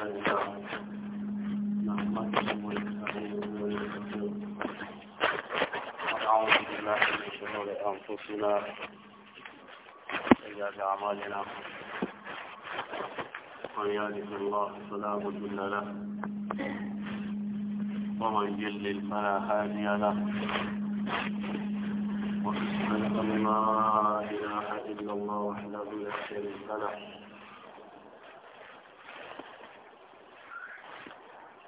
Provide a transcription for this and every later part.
أنفسنا سيئات أعمالنا من يهده الله فلا مضل له ومن يضلل فلا هادي له وأشهد أن لا إله إلا الله وحده لا شريك له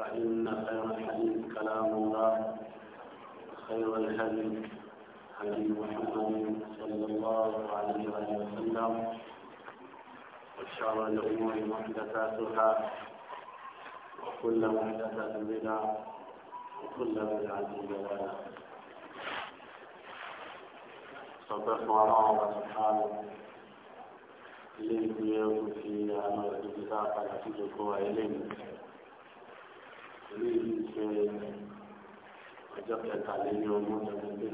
فإن خير الحديث كلام الله خير الحديث حديث محمد صلى الله عليه وسلم وشر الأمور محدثاتها وكل محدثة بدعة وكل بدعة ضلالة صدق الله سبحانه لن يكون في أمر الكتاب التي كل قوى إليه eléyìí ṣe ọjọ́ kẹtàléní ọdún tẹ̀lé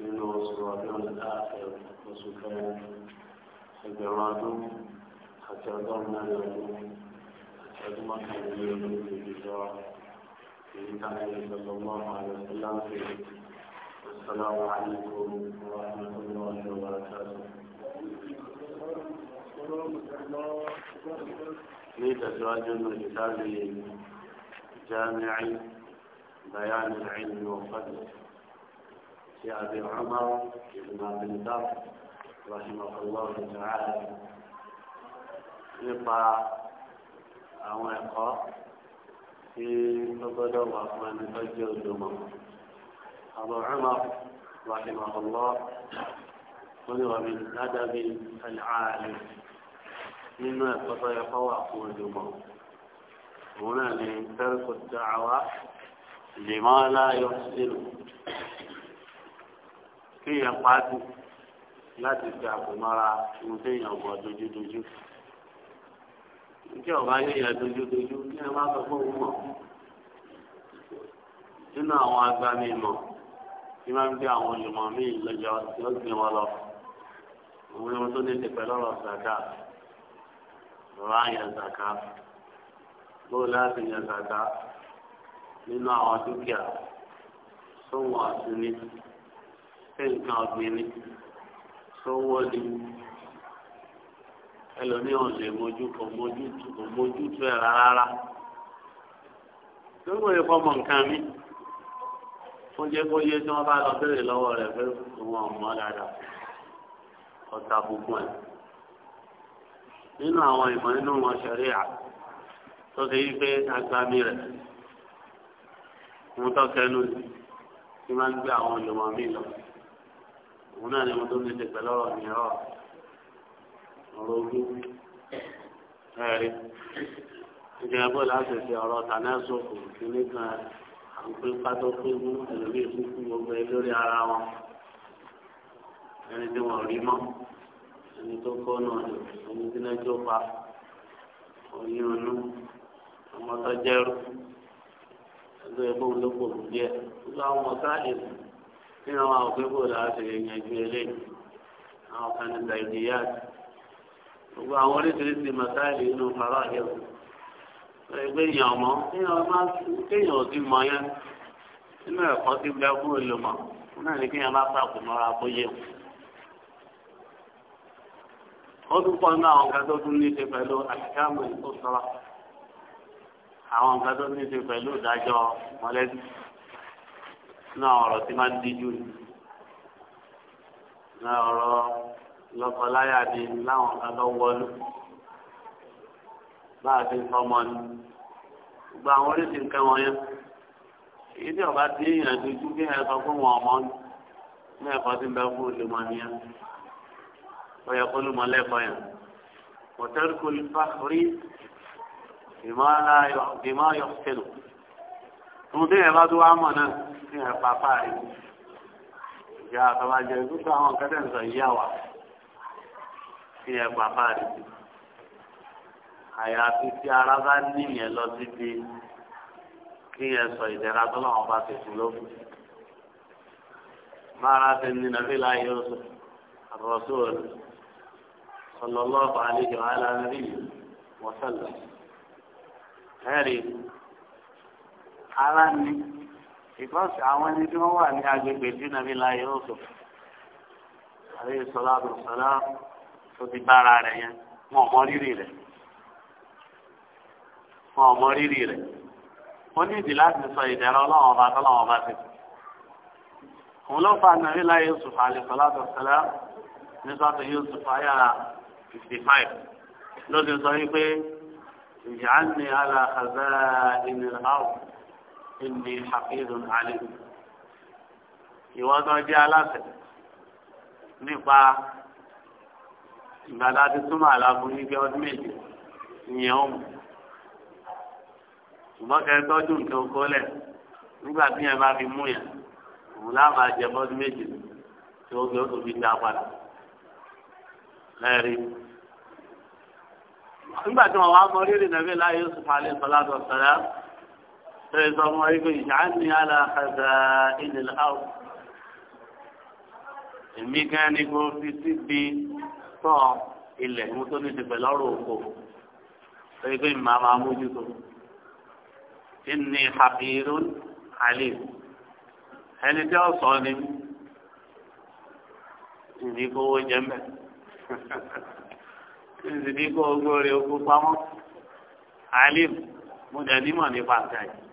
nínú oṣù ọdún láàfẹ oṣù kẹrin ẹgbẹ̀rún ọdún àti ọgọ́rùn mẹ́rin ọdún àti ọdún mọ́kànlélógún ìdíjọ èyí táyé ìṣọlọmọ àwọn ìṣẹ̀lẹ̀ السلام عليكم ورحمة الله وبركاته. لتسواج الكتاب الجامع بيان العلم وفضله في أبي عمر بن عبد البر رحمه الله تعالى nípa àwọn ẹ̀kọ́ tí ó gbọ́dọ̀ wà fún ẹni tó jẹ́ òdòmọ̀. Àbọ̀ ọ̀rọ̀ rahimahullah, ó ní wà mí ládàbí àlàáyé nínú ẹ̀kọ́ tó yẹ kọ́ wà fún ojúmọ́ òun náà ní tẹ́rìkù dàwa lèmọ́ láyọ̀ sílù kí yẹn pàdù láti fi àkùnmọ́ra ohun téèyàn ọ̀bọ̀ dojúdojú níjẹ́ ọ̀bá yẹ̀yẹ̀ dojúdojú kí ẹ má sọ fún òun mọ̀ nínú àwọn agbami mọ̀ kí máa ń gbé àwọn olùmọ̀ míì lọ́jọ́ tí ó gbé wọn lọ òun ni wọn tó ní ti pẹ̀lú ọ̀rọ̀ sàdáà rọra yan zaka bó láti yan zaka nínú àwọn dúkìá sówó àtúní sí nǹkan ọ̀gbìn ni sówó ni ẹlòmíràn lè mójú kò mójú tó ẹ̀ rárá gbogbo ìfọmọ nǹkan mi ó jẹ kó yé tí wọn bá lọ béèrè lọ́wọ́ rẹ̀ pé òun ọmọ dáadáa ọta gbogbo ẹ nínú àwọn ìmọ̀ nínú wọn ṣẹ̀rí à tó ṣe yí pé agbami rẹ̀ mo tọ́kẹ́ nù máa ń gbé àwọn olùmọ̀ mi lọ òun náà ni mo tó ní ṣe pẹ̀lú ọ̀rọ̀ mi rọ̀ ọ̀rọ̀ ojú ẹ̀rí ìjọba bó láti ṣe ọ̀rọ̀ tànẹ́sọ̀kù kìíní kan à ń pín pátó péjú ẹlòmíì fún gbogbo ẹ lórí ara wọn ẹni tí wọn rí mọ́ ẹni tó kọ́ náà ni ẹni tí náà jó pa oyún inú ọmọ tó jẹ́rú ẹgbẹ́ ẹgbẹ́ òun ló pò ní díẹ̀ gbogbo àwọn ọmọ sáàlì nínú àwọn òfin kò dáa ṣe yanjú eléyìí àwọn kan ní nàìjíríà gbogbo àwọn oríṣiríṣi mọ̀sáìlì inú fara yẹ̀wò ẹgbẹ́ èèyàn mọ́ kéèyàn ò sí mọ́ yẹn nínú ẹ̀kọ́ sí gbẹ́kú ìlú mọ́ náà ni kéèyàn bá pàkó mọ́ra bóyá o ó tún pọ̀ nínú àwọn nǹkan tó tún ní ṣe pẹ̀lú àṣìkáàmù tó sọ̀rọ̀ àwọn nǹkan ní ṣe pẹ̀lú ìdájọ́ mọ̀lẹ́bí nínú àwọn ọ̀rọ̀ tí máa ń díjú ni ní ọ̀rọ̀ lọ́kọláyà ni láwọn nǹkan tó wọlú bá a ti fọmọ ni gbogbo àwọn oríṣi nǹkan wọ̀nyẹn èyí tí ọba ti yàn dojú kí ẹ sọ fún wọn ọmọ ní ẹ̀kọ́ ti bẹ fún olùmọ̀ nìyẹn ọyọ olùmọlẹ́kọ̀ọ́ yẹn mọ̀tẹ́rìkù fàkùrí ìmọ̀ ayọ̀ sẹ́nu. tòun tí yẹn bá tó wá mọ̀ náà tí yẹn pa fáàrí ìyá àtọ́bàjẹ́ ìdúgbò àwọn kẹ́tẹ́ ń sọ ìyá wa tí yẹn pa fáàrí àyàfi tí ara bá níyẹn lọ síbi kí yẹn sọ ìdẹ́ra tó làwọn bá ti sùn lókun. máa ra ti ní nàbí láyé ọ̀sán àròsọ rẹ̀. صلى الله عليه وعلى نبيه وسلم هاري ara ni ìfọ́sí àwọn ẹni tí wọ́n wà ní agbègbè tí nàbí láyé ó sọ àríyé sọlá àbùsọlá tó ti bára rẹ̀ yẹn wọn ò mọ rírì rẹ̀ wọn ò mọ rírì rẹ̀ ó ní ìdí láti sọ ìdẹ̀rọ ọlọ́run ọba tọ́lọ́run ọba ti òun ló fa nàbí láyé ó sọ àlè sọlá àbùsọlá ní sọ́tò yóò sọ fáyà fifty five ló ti sọ wípé ìjàánì aláhàzá ìnira áwù ìní àfihàn àlè ìwọ́n tó jẹ́ aláṣẹ nípa ìgbàdá ti túmọ̀ àlàfo yìí bí ọdún méje ìyẹn ó mú ṣùgbọ́n kẹrin tọ́jú nǹkan oko nígbà tí yẹn bá fi mú yẹn òun láwọn àjẹmọ́ méje tí ó gbé ó tó fi dá padà ẹ̀rí. nígbà tí wọn wá mọ rírì nàbí láyé Yusuf alẹ́ sọlá tó sọlá ṣe sọ fún wọn wípé ìṣáàní aláhàzà ìdìlẹ̀ áwù. èmi gan ni kò fi síbi tọ́ ilẹ̀ mú tó ní ti pẹ̀lú ọ̀rọ̀ òkò ṣe pé màá máa mójútó. إني حقير عليم هل تعصاني إني قوة جمع ṣèṣì ní kó ogbó rẹ̀ ogun pamọ́ alim mo dẹ̀ nímọ̀ nípa nǹkan yìí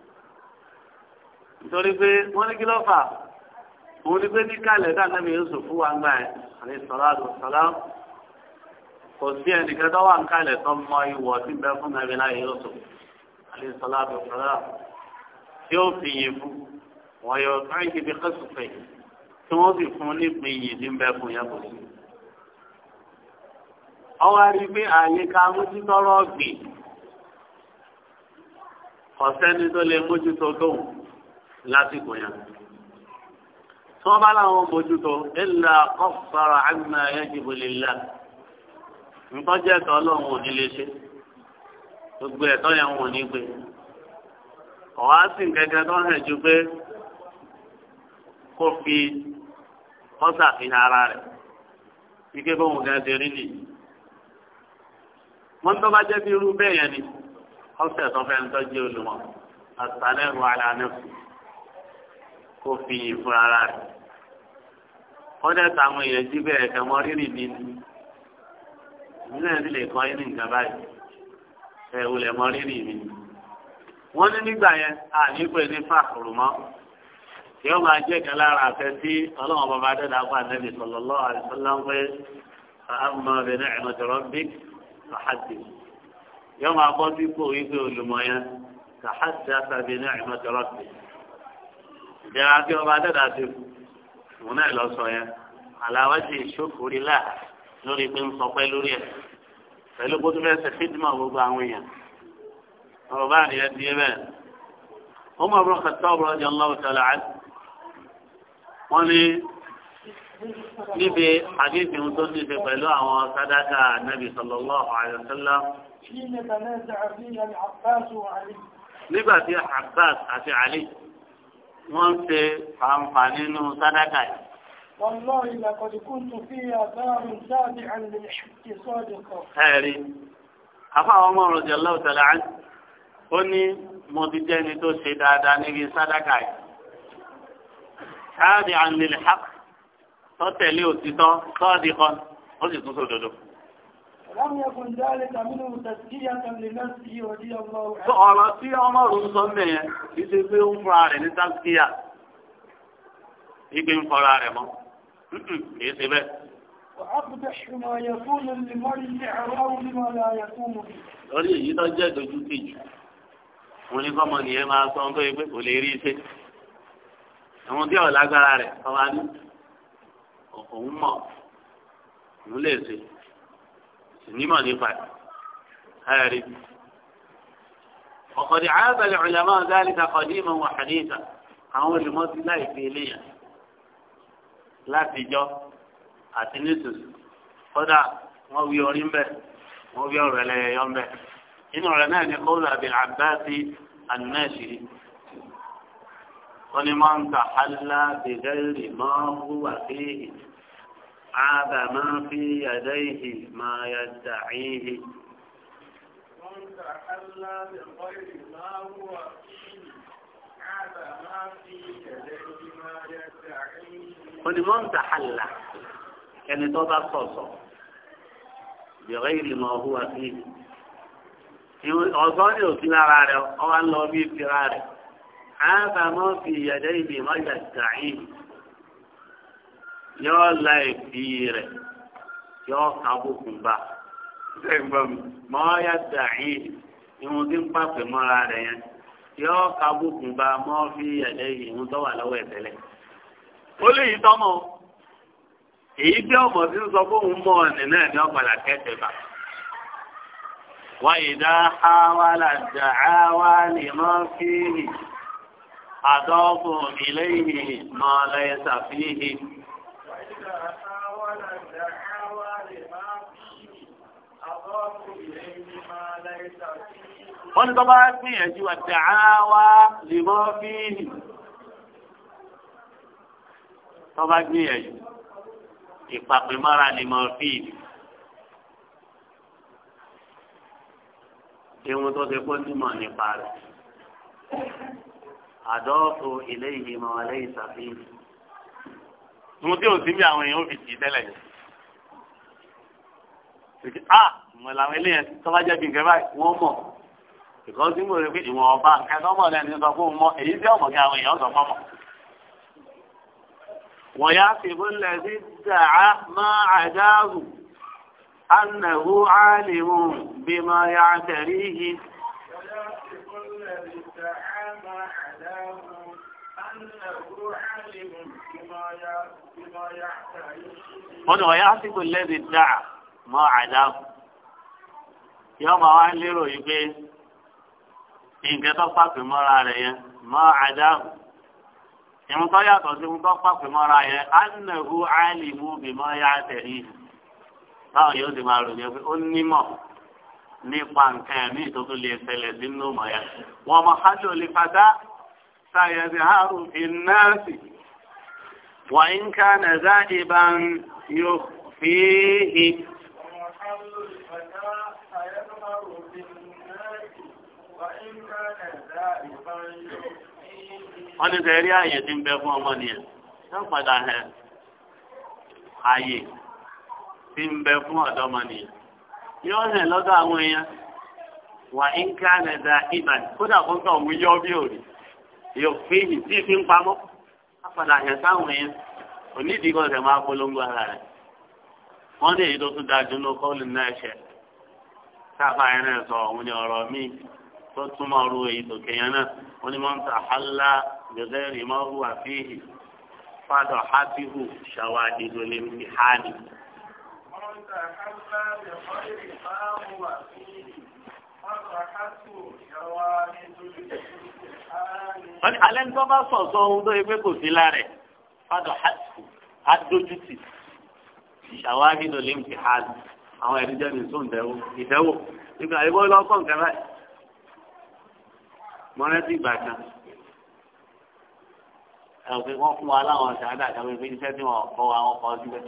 nítorí pé wọ́n ní kí ló fà òun ní pé ní kálẹ̀ dáná mi yóò sùn fún wa gbà ẹ̀ àní sọ̀rọ̀ àdùn sọ̀rọ̀ kò sí ẹnìkan tó wà ń kálẹ̀ tó mọ ìwọ̀ tí ń bẹ fún nàbí láyé yóò sùn àní sọ̀rọ̀ àdùn sọ̀rọ̀ tí ó fi yìí fún wọ́n yóò tó ń ṣe bí kẹ́sùn tí wọ́n sì fún nípìn yìí tí bẹ fún yẹn kò sí. ọwọ́ rí a àyíká mójútọ́rọ̀ ọ̀gbìn ọ̀sẹ́ni tó lè mójútó tóun lásìkò yẹn tí wọ́n bá láwọn mójútó ẹ̀là kọ́sọ̀rọ̀ àgbà yajibu lillah ẹ̀tọ́ ọlọ́run ò ṣe gbogbo ẹ̀tọ́ yẹn wọn ní ọ̀há sì kẹ́kẹ́ tó hàn ju pé kó fi kọ́sà fi hàn ara rẹ̀ rí nìyí. wọ́n tó bá jẹ́ bí irú bẹ́ẹ̀ yẹn ni ọ̀sẹ̀ tó fẹ́ ń tọ́jú olùmọ̀ àtàlẹ́ ìwà àlànà kò fi yìn fún ara rẹ̀ kọ́dẹ̀ táwọn èèyàn jí bẹ́ẹ̀ kẹ́ mọ rírì ní ní nílẹ̀ nílé kọ́ inú nǹkan báyìí ẹ̀ wulẹ̀ mọ rírì ní ní. wọ́n ní nígbà yẹn àníkù ẹni fàkùrù mọ́ yóò máa jẹ́ kan lára àfẹ́ sí ọlọ́wọ́n bàbá dẹ́dá fún àtẹ́bí sallallahu alaihi wasallam pé àmọ́ bẹ̀rẹ̀ ẹ̀mọ́tọ̀rọ̀ bíi fàhádì yọ máa bọ́ dípò wípé olùmọ̀ yẹn fàhádì àtàbí ní àìmọ́tò rọ́ọ̀tì ìdẹ́ra bí ọba dẹ́dà ti kú òun náà lọ sọ yẹn aláwájú ìṣòkòrí láà lórí pé ń sọpẹ́ lórí ẹ̀ pẹ̀lú bó tó fẹ́ ṣe fídímọ̀ gbogbo àwọn èèyàn ọ̀rọ̀ bá nìyẹn di ẹ bẹ́ẹ̀. Umar ibn Khattab radiyallahu ta'ala anhu wọ́n ní níbi àdéhùn ohun tó níbi pẹ̀lú àwọn sádàkà nàbì sallallahu alaihi wasallam. nígbà tí Abbas àti Ali wọ́n ń ṣe fàǹfà nínú sádàkà yìí. والله لقد كنت فيها دار تابعا للحق صادقا هاري afa àwọn ọmọ rọjò lọ́wọ́ tẹ̀lé án ó ní mo ti jẹ́ tó ṣe dáadáa níbi sádàkà yìí káàdì àmìlì hàk tọ́tẹ̀lé òtítọ́ sọ́ọ̀dì kan ó sì tún sódodo. ọ̀rọ̀ tí ọmọ òun sọ mẹ́yẹn kì í ṣe pé ó ń fura rẹ̀ ní tásíkíyà ìgbé ń fọra rẹ̀ mọ́ kì í ṣe bẹ́ẹ̀. lórí èyí tó jẹ́ dojú kejì mo ní kọ́mọ nìyẹn máa sọ ohun tó yẹ pé kò lè rí iṣẹ́ àwọn tí ò lágbára rẹ̀ ọba ní òun mọ̀ òun lè ṣe sinimọ̀ nípa ẹ̀ ẹ̀rí. وقد عاب العلماء ذلك قديما وحديثا àwọn olùmọ́sí láì fi eléyàn látijọ́ àti nítòsí kódà wọ́n wí orí ń bẹ̀ wọ́n wí ọ̀rọ̀ ẹlẹ́yẹyọ ń bẹ̀ inú ọ̀rọ̀ náà ni kóòlù àbí àbáàsì ànúnáṣìírí wọ́n ní máa ń gbà hálà bìgẹ́rì máa ń hùwà fíhì ààbà máa ń fi yàdá ìhì máa yàdá ìhì. wọ́n ní máa ń gbà hálà ẹni tó bá sọ̀sọ̀ bìgẹ́rì máa hùwà fíhì. ọ̀sán ni òfin lára rẹ̀ ọ wá lọ bí ìfira rẹ̀. هذا ما في يديه ما يستعين yọ la èbì rẹ̀ yọ kábùkùn bá ẹ̀gbọ́n mọ ya dàáyé ìwọn tí ń pàpẹ mọ́ra rẹ̀ yẹn yọ kábùkùn bá mọ fi ẹlẹ ìwọn tó wà lọ́wọ́ ẹtẹlẹ. ó lè yí tọmọ èyí tí ọmọ tí ń sọ fóun mọ ọ̀nì náà ni ọ̀pàlà kẹsẹ̀ bá. wáyé dá háwá là dá háwá lè mọ́ fíìlì àdọ́gùn ilé yìí mọ́ lẹ́yìn sàfihì. wọ́n ní tọ́ba gbìyànjú àtàwá lèmọ́ fíìlì tọ́ba gbìyànjú ìpàpémọ́ra lèmọ́ fíìlì. Ewu tó ti kó nípa rẹ̀. àdọ́ọ̀tò ilé ìgbìmọ̀ alẹ́ ìsàfihàn. mo tí ò sí àwọn èèyàn ò fi jì tẹ́lẹ̀ yẹn. a ah, mọ̀ làwọn ilé yẹn tó bá mọ̀ ìkọ́ ìwọ̀n ọba nǹkan الذي استعان علاه أنه علم بما يحتاج هنا ويعتق الذي ادعى ما علاه yọ́mọ lérò yìí pé tó mọ́ra rẹ̀ yẹn mọ́ ìmú tó yàtọ̀ sí mú tó mọ́ra yẹn yá tẹ̀lé báwọn yóò ti máa nípa nǹkan ẹ̀mí tó tún lè ṣẹlẹ̀ sínú mọ̀ yá. wọ́n mọ hajj lè fata sáyẹ̀dì haru ìnáàsì wà ń ká nà nàzá ń yóò fi hì. wọ́n ní sẹ́rí ààyè tí ń bẹ fún ọmọ nìyẹn tó ń padà hẹ ààyè tí ń bẹ fún ọ̀dọ́mọ nìyẹn. yọ hàn lọ́dọ̀ àwọn èèyàn wà ń ká nàdà ìbàn kódà kó tọ̀ wí yọ bí òrì yóò fi ìyìn tí fi ń pamọ́ apàdà hàn sáwọn èèyàn onídìí kan tẹ̀ máa polongo ara rẹ̀ wọ́n ní èyí tó tún dájú ní kọ́ọ̀lù náà ṣẹ̀ káfá yẹn sọ òun ni ọ̀rọ̀ míì tó túmọ̀ ru èyí tó kẹyàn náà wọ́n ní wọ́n ń ta hálà gẹ́gẹ́ rìmọ́rù àfihì fádọ̀ hábíhù ṣàwádìí lónìí hánì. تحلى بخير ما هو فيه wọ́n ní alẹ́ nígbà bá sọ̀sọ́ ohun tó yẹ pé kò sí lára ẹ̀ fádọ̀ adójútì ìṣàwárí ló lè ń fi hàn àwọn ẹ̀rí jẹ́ nìṣó ìdẹ́wò ìdẹ́wò nígbà ìwọ lọ́kọ̀ nǹkan láì mọ́rẹ́tì ìgbà kan ẹ̀ òfin wọn fún wa láwọn ọ̀sẹ̀ àdàkàwé pé iṣẹ́ tí wọn kọ́ wa wọn kọ́ síbẹ̀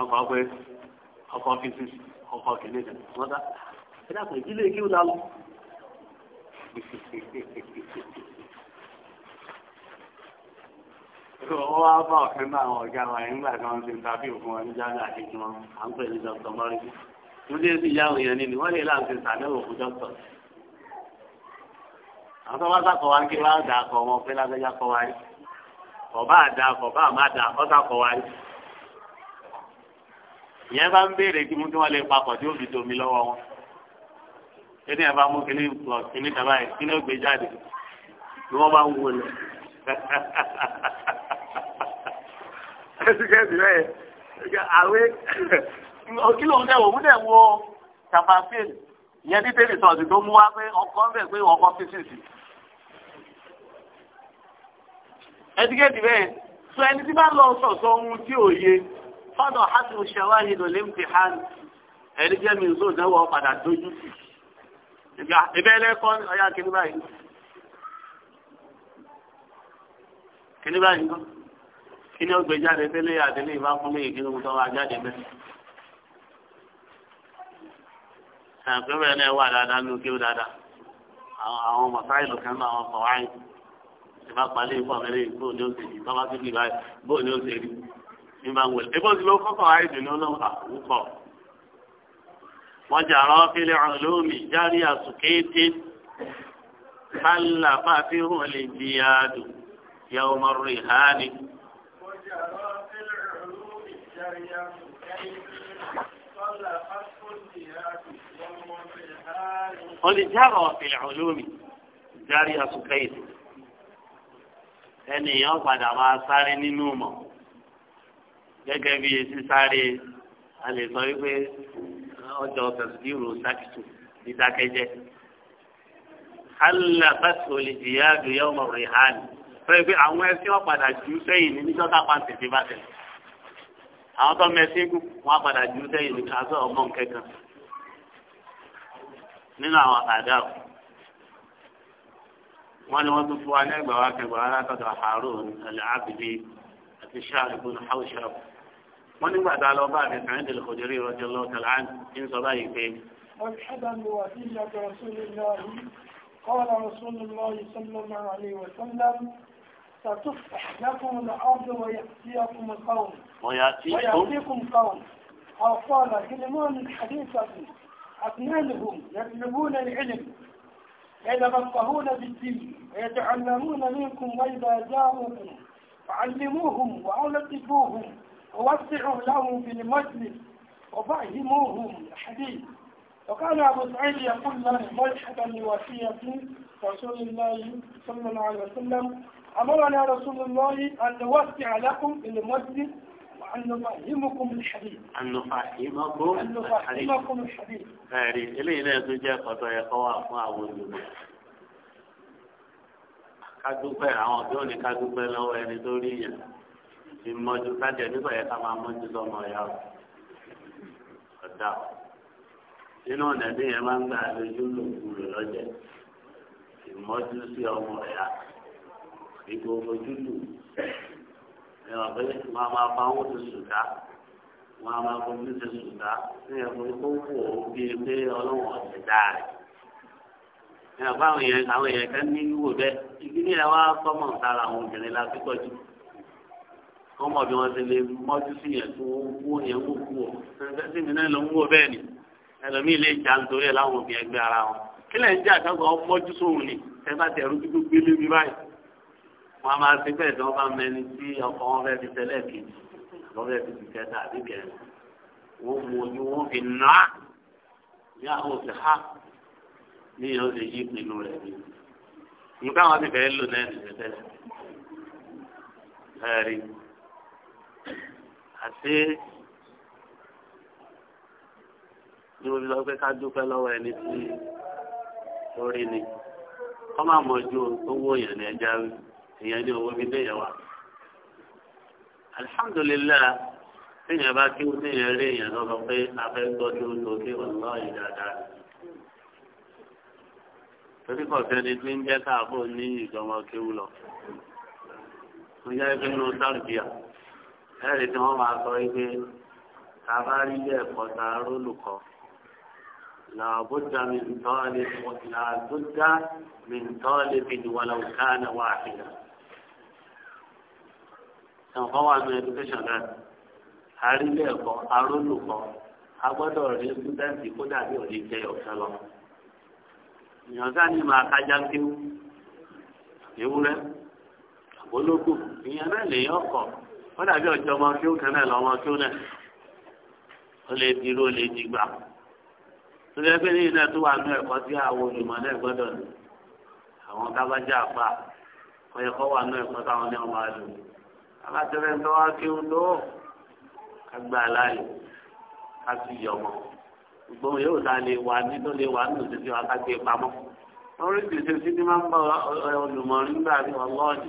ọkọ̀ ọkọ̀ ẹ̀sì fífi ọkọ̀ kìnìkì wọ́n dá ẹ dàpọ̀ ìdílé kí ó dá wọ́n wá bá ọ̀fẹ́ bá àwọn ọ̀gá wa nígbà tí wọ́n ti ń tàbí òfin wọn ní àkejì wọn à ń pè ní dr mọ́rìsì tó dé sí ìyá òyìn nínú wọ́n lè láti sàdéhùn fún dr. àwọn tó bá sàkọ̀ wá kí wọ́n á dà kọ̀ wọn pé lágbẹ́já kọ̀ wáyé kọ̀ bá dà kọ̀ bá má dà kọ́ sàkọ̀ wáyé ìyẹn bá ń béèrè kí mú kí wọ́n lè papọ̀ tí ó fi domi lọ́wọ́ wọn kíni ẹ̀ bá mú kíní lọ kíní kaba yẹn kíní ó gbé jáde ni wọ́n bá ń wò lẹ̀ ẹsikẹ́sì rẹ̀ àwẹ̀ kí lóun dẹ̀ wò mú dẹ̀ wọ tàfàfíìn ìyẹn ní tẹ́lẹ̀ sọ̀tì tó mú wá pé ọkọ̀ ń bẹ̀ pé ọkọ̀ fífìsì ẹsikẹ́sì rẹ̀ sọ ẹni tí bá lọ sọ̀sọ̀ ohun tí ò yé fọ́dọ̀ hasi ṣẹwàhìn ló lè ń fi hàn ẹni jẹ́ mi nzó náwó padà dojú sí ibẹ̀ lẹ́kọ́ ọ̀yá kìnnì báyìí kìnnì báyìí kọ́ kìnnì ọgbẹ́jáde tẹ́lẹ̀ àtẹ́lẹ̀ ìbá fún mi ìkíni mú tọ́wọ́ ajáde bẹ́ẹ̀. àpẹẹrẹ náà wà dáadáa ní òkè dáadáa àwọn mọ̀sáìlì kan náà wọ́n sọ wáyé ìbá palẹ̀ ìfọ̀mẹ́lẹ́ ìgbóòní ó ṣe rí nígbà wọlé ebó ti ló kọ́kọ́ àìdùn ní ọlọ́run àwùkọ́ ah, wọ́n jà rọ́ fílẹ̀ ọlọ́mì járí àsùkété kálà fàfi hàn lè di àdù yàwó mọ́rù ìhání. wọ́n lè jà rọ́ fílẹ̀ ọlọ́mì járí àsùkété ẹnìyàn padà máa sáré nínú mọ́ gẹ́gẹ́ bí sísáré a lè sọ wípé ọjọ́ tẹ̀síìrù sákìtù dídákẹ́jẹ́ alàfẹ́sì olùjìyà àdúyà ọmọ rẹ̀ hàn fẹ́ pé àwọn ẹṣin ọ̀padà jù sẹ́yìn ní níjọ́ tápá tètè bá tẹ̀lé àwọn tó mẹ́sìn kú wọ́n padà jù sẹ́yìn ní kásán ọmọ nkẹ́kan nínú àwọn àdá wọn ni wọn tún fún wa ní ẹgbẹ̀wá kẹgbẹ̀wá látọ̀dọ̀ àárò àlẹ́ àbìlí àti sáà ìbùnú haúsẹ́ wọ́n بعد على a عند bá رضي الله تعالى عنه إن tẹ̀lé án مرحبا وفية رسول الله قال رسول الله صلى الله عليه وسلم ستفتح لكم الأرض ويأتيكم القوم ويأتيكم قوم أو قال كلمان حديثة أبنانهم يطلبون العلم يتفقهون بالدين ويتعلمون منكم وإذا جاءوكم فعلموهم وألطفوهم ووسعوا لهم في المجلس وفهموهم الحديث وكان أبو سعيد يقول له ملحقا لوصية رسول الله صلى الله عليه وسلم أمرنا رسول الله أن نوسع لكم في المسجد وأن نفهمكم الحديث أن نفهمكم أن نفهمكم الحديث هاري إلينا تجاه فتاة قواف مع وجودنا ká dúpẹ́ àwọn tó ní ká dúpẹ́ lọ́wọ́ ẹni ìmọ̀jú kájẹ nígbà yẹn ká máa mọ́jú lọ́mọ ya ọ̀dà nínú ọ̀nà tí yẹn máa ń gbà lójú lòkù rẹ̀ lọ́jẹ̀ ìmọ̀jú sí ọmọ ya ìgò ojú lù ẹ̀rọ pé wọ́n á máa fa owó ti sùn ká wọ́n á máa fojú ti sùn ká ní ẹ̀fọ́ tó wù ó bíi pé ọlọ́wọ̀n ọ̀sẹ̀ dáa rẹ̀ àwọn yẹn àwọn yẹn kan ní wíwò bẹ́ẹ̀ ìdílé wa kọ́mọ̀ sára àwọn obìnrin la fi wọ́n bí wọ́n ti lè mọ́jú sí yẹn tó wó yẹn wó kú ọ̀ ṣẹ̀ṣẹ̀ sì nínú ló ń wó bẹ́ẹ̀ ni ẹlòmíì lè jà nítorí ẹ̀ láwọn òbí ẹgbẹ́ ara wọn kílẹ̀ ń jà kankan wọ́n mọ́jú sóhun ni ẹ bá ti ẹ̀rú dúdú gbé lébi báyìí wọ́n á máa ṣe bẹ́ẹ̀ tí wọ́n bá mẹni tí ọkọ̀ wọn fẹ́ẹ́ ti tẹ́lẹ̀ kejì wọ́n fẹ́ẹ́ ti ti kẹta àbí kẹrin wọ́n mú ojú wọn fi nà á ní àwọn òsì ha ní ìyẹn ó ṣe yí pinnu rẹ̀ àti ní mo fi lọ pé ká dúpẹ́ lọ́wọ́ ẹni tí ó rí ni kọ́ máa mọ̀ ju owó èèyàn ní ẹja èèyàn ní owó bíbẹ́ yẹn wà. alihamdulilayi téèyàn bá kí wọ́n téèyàn rí èèyàn lọ sọ pé afẹ́ gbọ́dọ̀ lókè ọ̀nà ìdáadáa. torí kò sẹ́ni tí ń jẹ́ káàbọ̀ ní ìjọmọ kéwù lọ. mo yá ẹgbẹ́ nínú sáàrùbíà ẹ̀rí tí wọ́n máa sọ wípé ta bá rí ilé ẹ̀kọ́ ta rólùkọ́ làbújá mi ń tọ́lé làbújá mi ń tọ́lé fi ni wàlá òkà náà wà àfihàn. ẹ̀kọ́ wà ní ẹdúkéṣàn náà a rí ilé ẹ̀kọ́ a rólùkọ́ a gbọ́dọ̀ rí ṣúdẹ́ǹtì kó dàbí òní jẹ ọ̀sẹ̀ lọ. ìyànjá ni màá kájá kéwú ewúrẹ́ àbólógún ìyẹn náà lèyàn wọ́n dàbí ọjọ́ ọmọ kí ó kẹ́nà lọ́mọ kí ó nẹ̀ ó lè dirú ó lè dìgbà lórí ẹgbẹ́ ní ilé tó wà ní ẹ̀kọ́ tí àwọn olùmọ̀ náà gbọ́dọ̀ ní àwọn tábàjá àpá ọyẹ kọ́ wà ní ẹ̀kọ́ táwọn ní ọmọ àlò alátẹ̀rẹ̀ ń tọ́wá kí ó lò kágbá aláyò ká sì yọ ọmọ gbogbo yóò dá lè wà ní tó lè wà ní òṣèṣẹ́ wa ká gbé pamọ́ lórí ìṣèṣẹ́ tí máa ń bá olùmọ̀ nígbà tí wọ́n lọ́ọ̀dì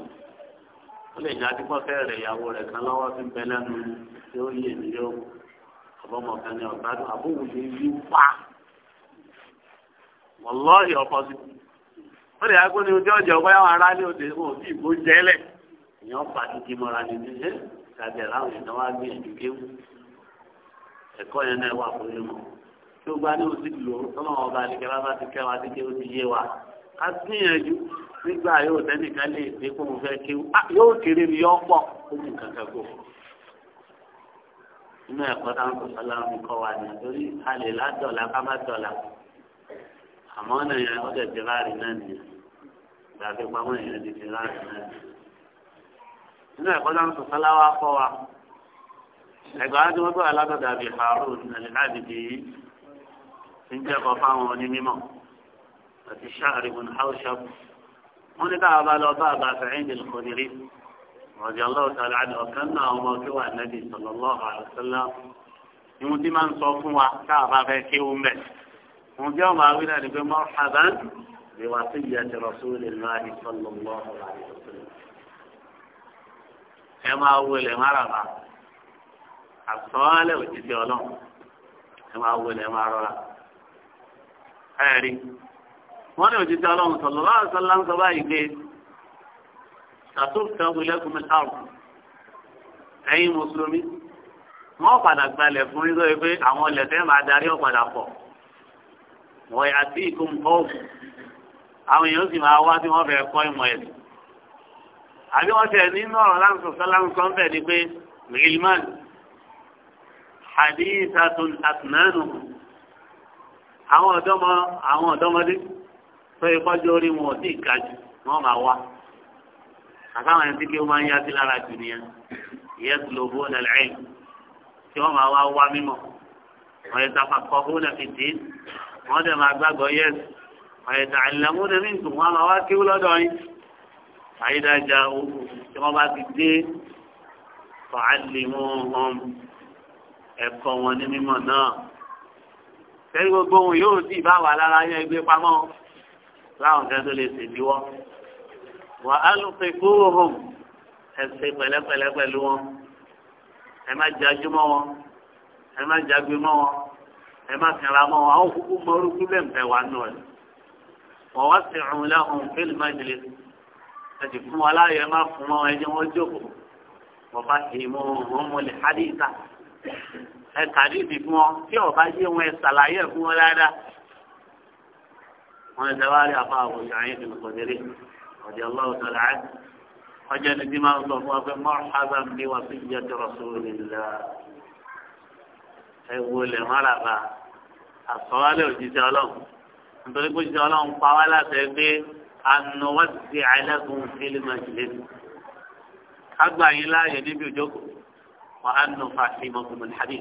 ó lè jẹ́ adípọ́fẹ́ ìyàwó kan lọ́wọ́ tí bẹ lẹ́nu tí ó yóò ni ọ̀gbádùn àbúrò yí pa wọ́lọ́ọ̀hì ọ̀pọ̀ sí ó lè ní ojú ará ní òde wọn ò pa ní ṣe wá gbé kéwù yẹn náà wà fún yẹn tí ó gbá ní òsì lò a gbìyànjú nígbà yóò tẹ́nìkan lè dé kó mo fẹ́ kí ah, yóò kéré mi yọ pọ̀ kó mo kankan kó. inú ẹ̀kọ́ táwọn kò sọ́lá mi kọ́ wa ni torí a lè ládọ̀la ká má dọ̀la àmọ́ ọ̀nà yẹn ó dẹ̀ ti láàrin náà nìyẹn ìgbàgbé pamọ́ yẹn ti ti láàrin náà nìyẹn. inú ẹ̀kọ́ táwọn kò sọ́lá wa kọ́ wa ẹ̀gbọ́n á ti wọ́n gbọ́ aládọ̀dà bíi Harun nàlẹ́ láàbìdì yìí ń jẹ́kọ̀ọ́ fáwọn onímọ̀ àti ṣáàrì bùn haúṣàm wọn ní káwọn bá lọ bá àbá fẹ̀yìn ní lùkọ́dìrí rọ̀jì ọlọ́run tààlà àdì ọ̀kan náà ọmọ kí wà nẹ́bí sallallahu alaihi wasallam ìwọ̀n tí máa ń sọ fún wa káwọn bá fẹ́ kí wọ́n bẹ̀. wọn jẹ́ ọmọ àwìn náà ní pé marhaban bi wasiyyati rasulillahi sallallahu alaihi wasallam. ẹ máa wọlé máraba àsọ́ọ́lẹ̀ òjijì ọlọ́run ẹ máa wọlé máa rọra. ẹ̀rí wọ́n ní òjijì ọlọ́run sọ̀rọ̀ láàrín sọ́lá ń sọ báyìí pé ṣàtúntà ìlẹ́kùn mẹ́tàrún ẹ̀yin mùsùlùmí wọ́n padà gbalẹ̀ fún yín lóye pé àwọn ọlẹ́fẹ́ máa darí ọ̀padà pọ̀ wọ́n yà sí ìkún bọ́ọ̀bù àwọn èèyàn sì máa wá tí wọ́n fẹ́ kọ́ ìmọ̀ ẹ̀ àbí wọ́n tẹ̀ nínú ọ̀rọ̀ láǹsọ̀ sáláńsọ̀ ń bẹ̀ ni pé rilman hadithatun atnanu àwọn ọ̀dọ́mọ àwọn ọ̀dọ́mọdé tó yẹ kọjú orí wọn ò tí ì kájú wọn máa wá àtàwọn ẹni tí kí wọn máa ń yá sí lára jù nìyẹn ìyẹn tó lò bó lẹlẹ ẹ tí wọn máa wá wá mímọ́ wọn yẹ tàfà kọ bó lẹ fi dín wọn máa gbàgbọ́ yẹ wọn yẹ tà àlẹmú dẹ mí tù wọn máa wá kí wọn lọ́dọ̀ yín àyídájà òkú tí wọn bá ti dé fàálìmù láwọn kan tó lè ṣèbí wọn wà á ló pe kúròhùn ẹ ṣe pẹ̀lẹ́pẹ̀lẹ́ pẹ̀lú wọn ẹ má jájú mọ́ wọn ẹ má jágbe mọ́ wọn ẹ má kẹra mọ́ wọn àwọn kúkú mọ orúkú bẹ́ẹ̀ bẹ́ẹ̀ wà nù ẹ wọn wá sí ọrùn lẹhùn fílì má jìlẹ ẹ ti fún wọn láàyè má fún wọn ẹjẹ wọn jókòó wọn bá ti mú wọn mọlẹ hádìí ta ẹ kàdí ìdí fún wọn tí ọba yé wọn ẹ ṣàlàyé fún wọn dáadáa wọn ṣe wá rí àfa àwọn ṣàyìn ìlúkọ̀dẹ́rẹ́ ọ̀dẹ̀ ọlọ́run tọ́lá ẹ̀ ọjọ́ ní tí máa ń sọ fún wa pé mọ́ọ̀hábà ń bí wa sí ìjọ tọrọ sórí ìlà ẹ wo lè mọ́ra bá àsọ̀wálẹ̀ òjíṣẹ́ ọlọ́run nítorí pé òjíṣẹ́ ọlọ́run pa wá láti ẹgbẹ́ anuwasi alẹ́kùn fílímù ìlẹ́ kágbà yín láàyè níbi òjòkó wà á nù fàṣìmọ̀kùnmọ̀ nìhàdí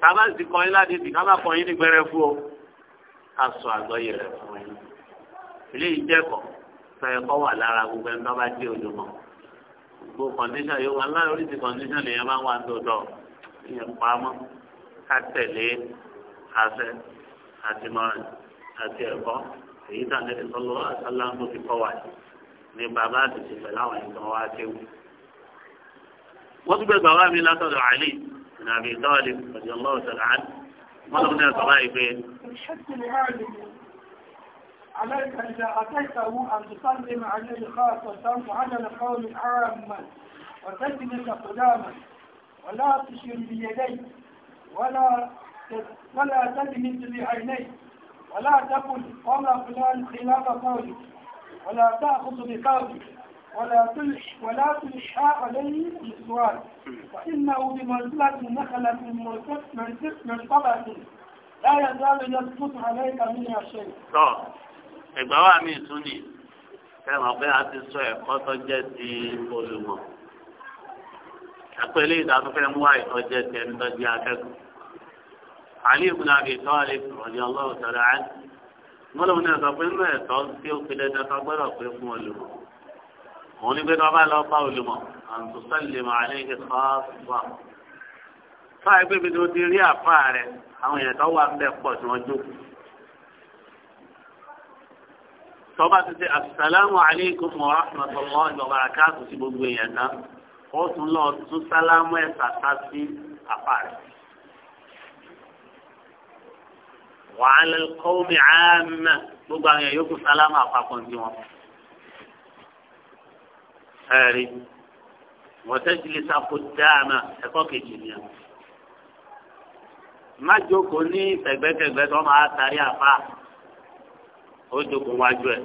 ká bá sì kọ́ yín láti sì ká kọ́ yín ní gbẹrẹ fún o ká sọ àgbọ́yé rẹ̀ fún yín eléyìí jẹ́kọ̀ọ́ sọ̀rọ̀ kọ́ wà lára gbogbo ẹni tó bá dé olùmọ̀ gbogbo kọ̀ndíṣàn yóò wá lára oríṣi kọ̀ndíṣàn lèèyàn máa ń wá dọ̀dọ̀ ìyẹn pamọ́ ká tẹ̀lé àṣẹ àti mọ̀ràn àti ẹ̀kọ́ èyí tàn lẹ́sẹ̀ tó lọ́wọ́ àṣálá tó fi kọ́ wà ní bàbá àtìsí pẹ̀lú àwọn ìtàn wa kéwù. wọ́n tún gbẹ̀gbà wá mi látọ̀dọ̀ àlè ìnàbì tọ́ọ̀lì ọ̀dọ̀ ọlọ́ọ̀tọ̀ بشكل عالمي عليك إذا أتيته أن تسلم عليه خاصة على القول عاما وتجلس قداما ولا تشير بيديك ولا ولا تلمس بعينيك ولا تقل قال فلان خلاف قولك ولا تأخذ بقولك ولا تلح ولا تلحى عليه بالسؤال فإنه بمنزلة نخلة من قبة láyé ẹ̀dá lè yẹ tó tún àlẹ́ ìka nínú ẹ̀ṣẹ̀. tọ́ ẹ̀gbá wa mi tún ni ẹ̀wọ̀n pé a ti sọ ẹ̀kọ́ tó jẹ́ ti olùmọ̀ àpẹẹlẹ ìdánúfẹ́ mú àìtọ́ jẹ́ ti ẹni tó jẹ́ akẹ́kọ̀ọ́. Ali ibn Abi Talib radiyallahu ta'ala anhu mọ́lọ́mù náà sọ pé nínú ẹ̀tọ́ tí ó fi dandan kan gbọ́dọ̀ pé fún olùmọ̀ òun ní pé tó bá lọ bá olùmọ̀ àǹtùsọ́lì màálé ìkọ́ wà. fáà ẹgbẹ́ mi tó ti rí àfáà rẹ̀ àwọn èèyàn tó wà ńbẹ pọ̀ tí wọ́n jókòó. tọ́ba ti ṣe asalaamu aleykum wa rahmatulahi wa barakatu sí gbogbo èèyàn náà ó tún lọ tún sálámù ẹ̀ sàtà sí apá wàhálà kọ́ọ̀mì àmà gbogbo àwọn èèyàn yòókù sálámù àpapọ̀ ní wọn. ẹ̀rí wọ́n tẹ́jú lè sàkó dáàmà ẹ̀kọ́ kejì ni àwọn má jókòó ní tẹ̀gbẹ́tẹ̀gbẹ́ tó máa tarí àfa ó jókòó wájú ẹ̀.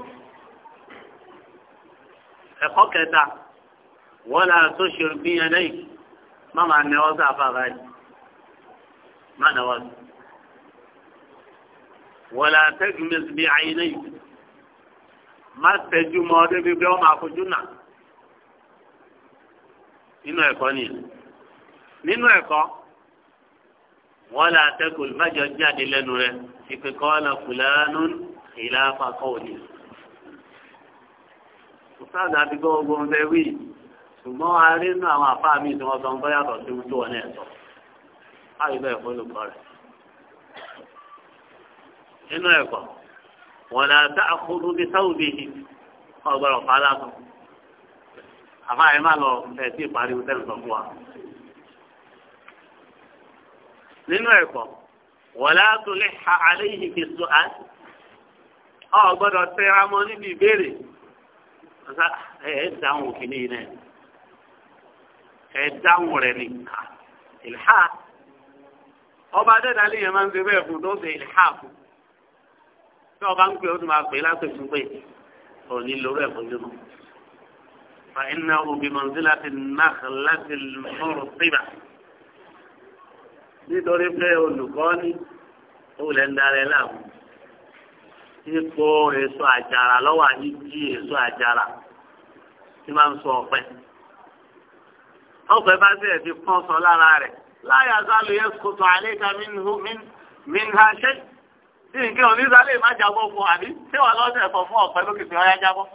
ẹ̀kọ́ kẹta wọ́n là tó ṣe bí yẹn lẹ́yìn má máa nẹ ọ́ sáfà báyìí má nẹ ọ́ sí. wọ́n là tẹ́gbẹ́s bí ayé lẹ́yìn má tẹ́jú mọ́ ọdún bíbí ọmọ àfojú náà nínú ẹ̀kọ́ nìyẹn nínú ẹ̀kọ́ wọ́n là tẹ́kùn májọ jáde lẹ́nu rẹ̀ ìpè kọ́lá fúlàánú ìlà afakọ́ òní. Òsáàdì àdìgbò gbogbo ń bẹ wí ṣùgbọ́n a rí nínú àwọn àfáà mi tí wọ́n sọ ń bọ́ yàtọ̀ sí ojú wọn náà sọ. Báyìí bẹ́ẹ̀ fún olùkọ́ rẹ̀. Nínú ẹ̀kọ́, wọ́n là dá àkóso bí yìí ọgbọ́n ọ̀fà aláàtọ̀. Àfáà yẹn má lọ ẹ̀ sí ìparí nínú ẹ̀kọ́ wọlé àtúnlẹ ha àléyìí fi so à ọ gbọ́dọ̀ tẹra mọ́ níbi ìbéèrè ọsà ẹ ẹ dáhùn òkìní yìí náà ẹ dáhùn rẹ ní ká ìlhà ọba adédàlẹ yẹn máa ń ṣe bẹ́ẹ̀ fún tó ṣe ìlhà fún tí ọba ń pè ó ti máa pè láti fún pé òní lórí ẹ̀kọ́ yìí mọ fa iná obì mọ̀nsílá ti náà láti lọ́rùn síbà nítorí pé olùkọ́ ní òwúlẹ̀ ń darẹ̀ láàmú ipò èso àjàrà lọ́wọ́ àyè jí èso àjàrà tí máa ń sọ ọ̀pẹ. ọ̀pẹ bá bẹ̀rẹ̀ ti pọ́n sọ lára rẹ̀ láyà sálù yẹn kòtò àlékà mínú ṣe tí nǹkan onísàlẹ̀ má jábọ̀ fún àbí tí wàá lọ́sẹ̀ ẹ̀fọ́ fún ọ̀pẹ lókè tí wọ́n yá jábọ̀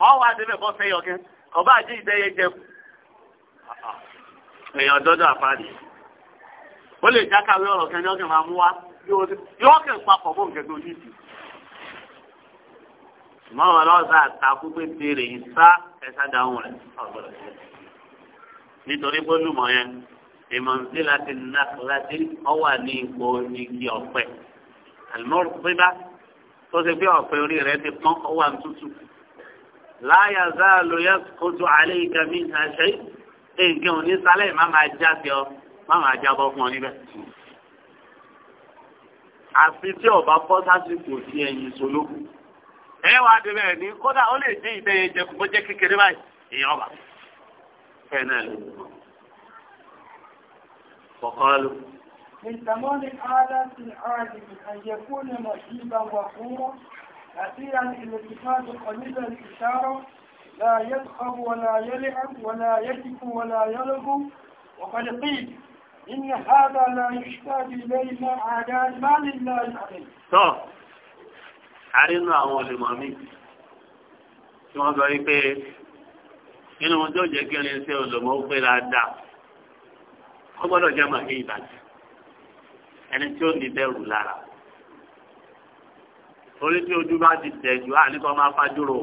wọ́n wá débẹ̀ kọ́ fẹ́ yọkẹ́ ọba àti ìdẹ́yẹ jẹ èèyàn dọ́dọ̀ àfáàdì ó lè jákàwé ọ̀rọ̀ kan yọ́kẹ̀ máa mú wá yọ́kẹ̀ papọ̀ fún nǹkan tó yìí. ṣùgbọ́n wọn lọ́wọ́ sá àtàkù pé béèrè yìí sá ẹ̀sà dáhùn rẹ̀ ọ̀gbọ̀dọ̀ sílẹ̀. nítorí gbólùmọ̀ yẹn ìmọ̀nsí láti nàkó láti ọwà ní ipò igi ọ̀pẹ. àlùmọ́rù pípa tó ṣe bí ọ̀pẹ orí rẹ̀ ti pọ́n ọwà tútù. láyà záà lóyè kótó àlẹ́ ìkàmí àṣẹ máa jábọ́ fún ọ níbẹ̀. àfi tí ọba bọ́ sásìkò sí ẹ̀yìn ìṣolókù. ẹ wá ní kódà ó lè dín ìbẹ́ yẹn jẹkùn bó jẹ́ kékeré báyìí èèyàn ọba. bẹ́ẹ̀ náà ló ń bọ̀. kọ̀ọ̀kan ló. من زمان الآلة العالم أن يكون مجيبا وقوما أثيرا الالتفات قليل الإشارة لا يدخل ولا يلعب ولا يجف ولا يلغو وقد قيل إن هذا لا يحتاج إلينا على المال الله عليه طب àrínú àwọn olùmọ̀ mi tí wọ́n sọ wípé nínú wọn tó jẹ́ kí irin iṣẹ́ olùmọ̀ ó pé dáadáa wọ́n gbọ́dọ̀ jẹ́ màá ní ìbàdí ẹni tí ó ní bẹ̀rù lára orí tí ojú bá ti tẹ̀ jù àní máa fajúro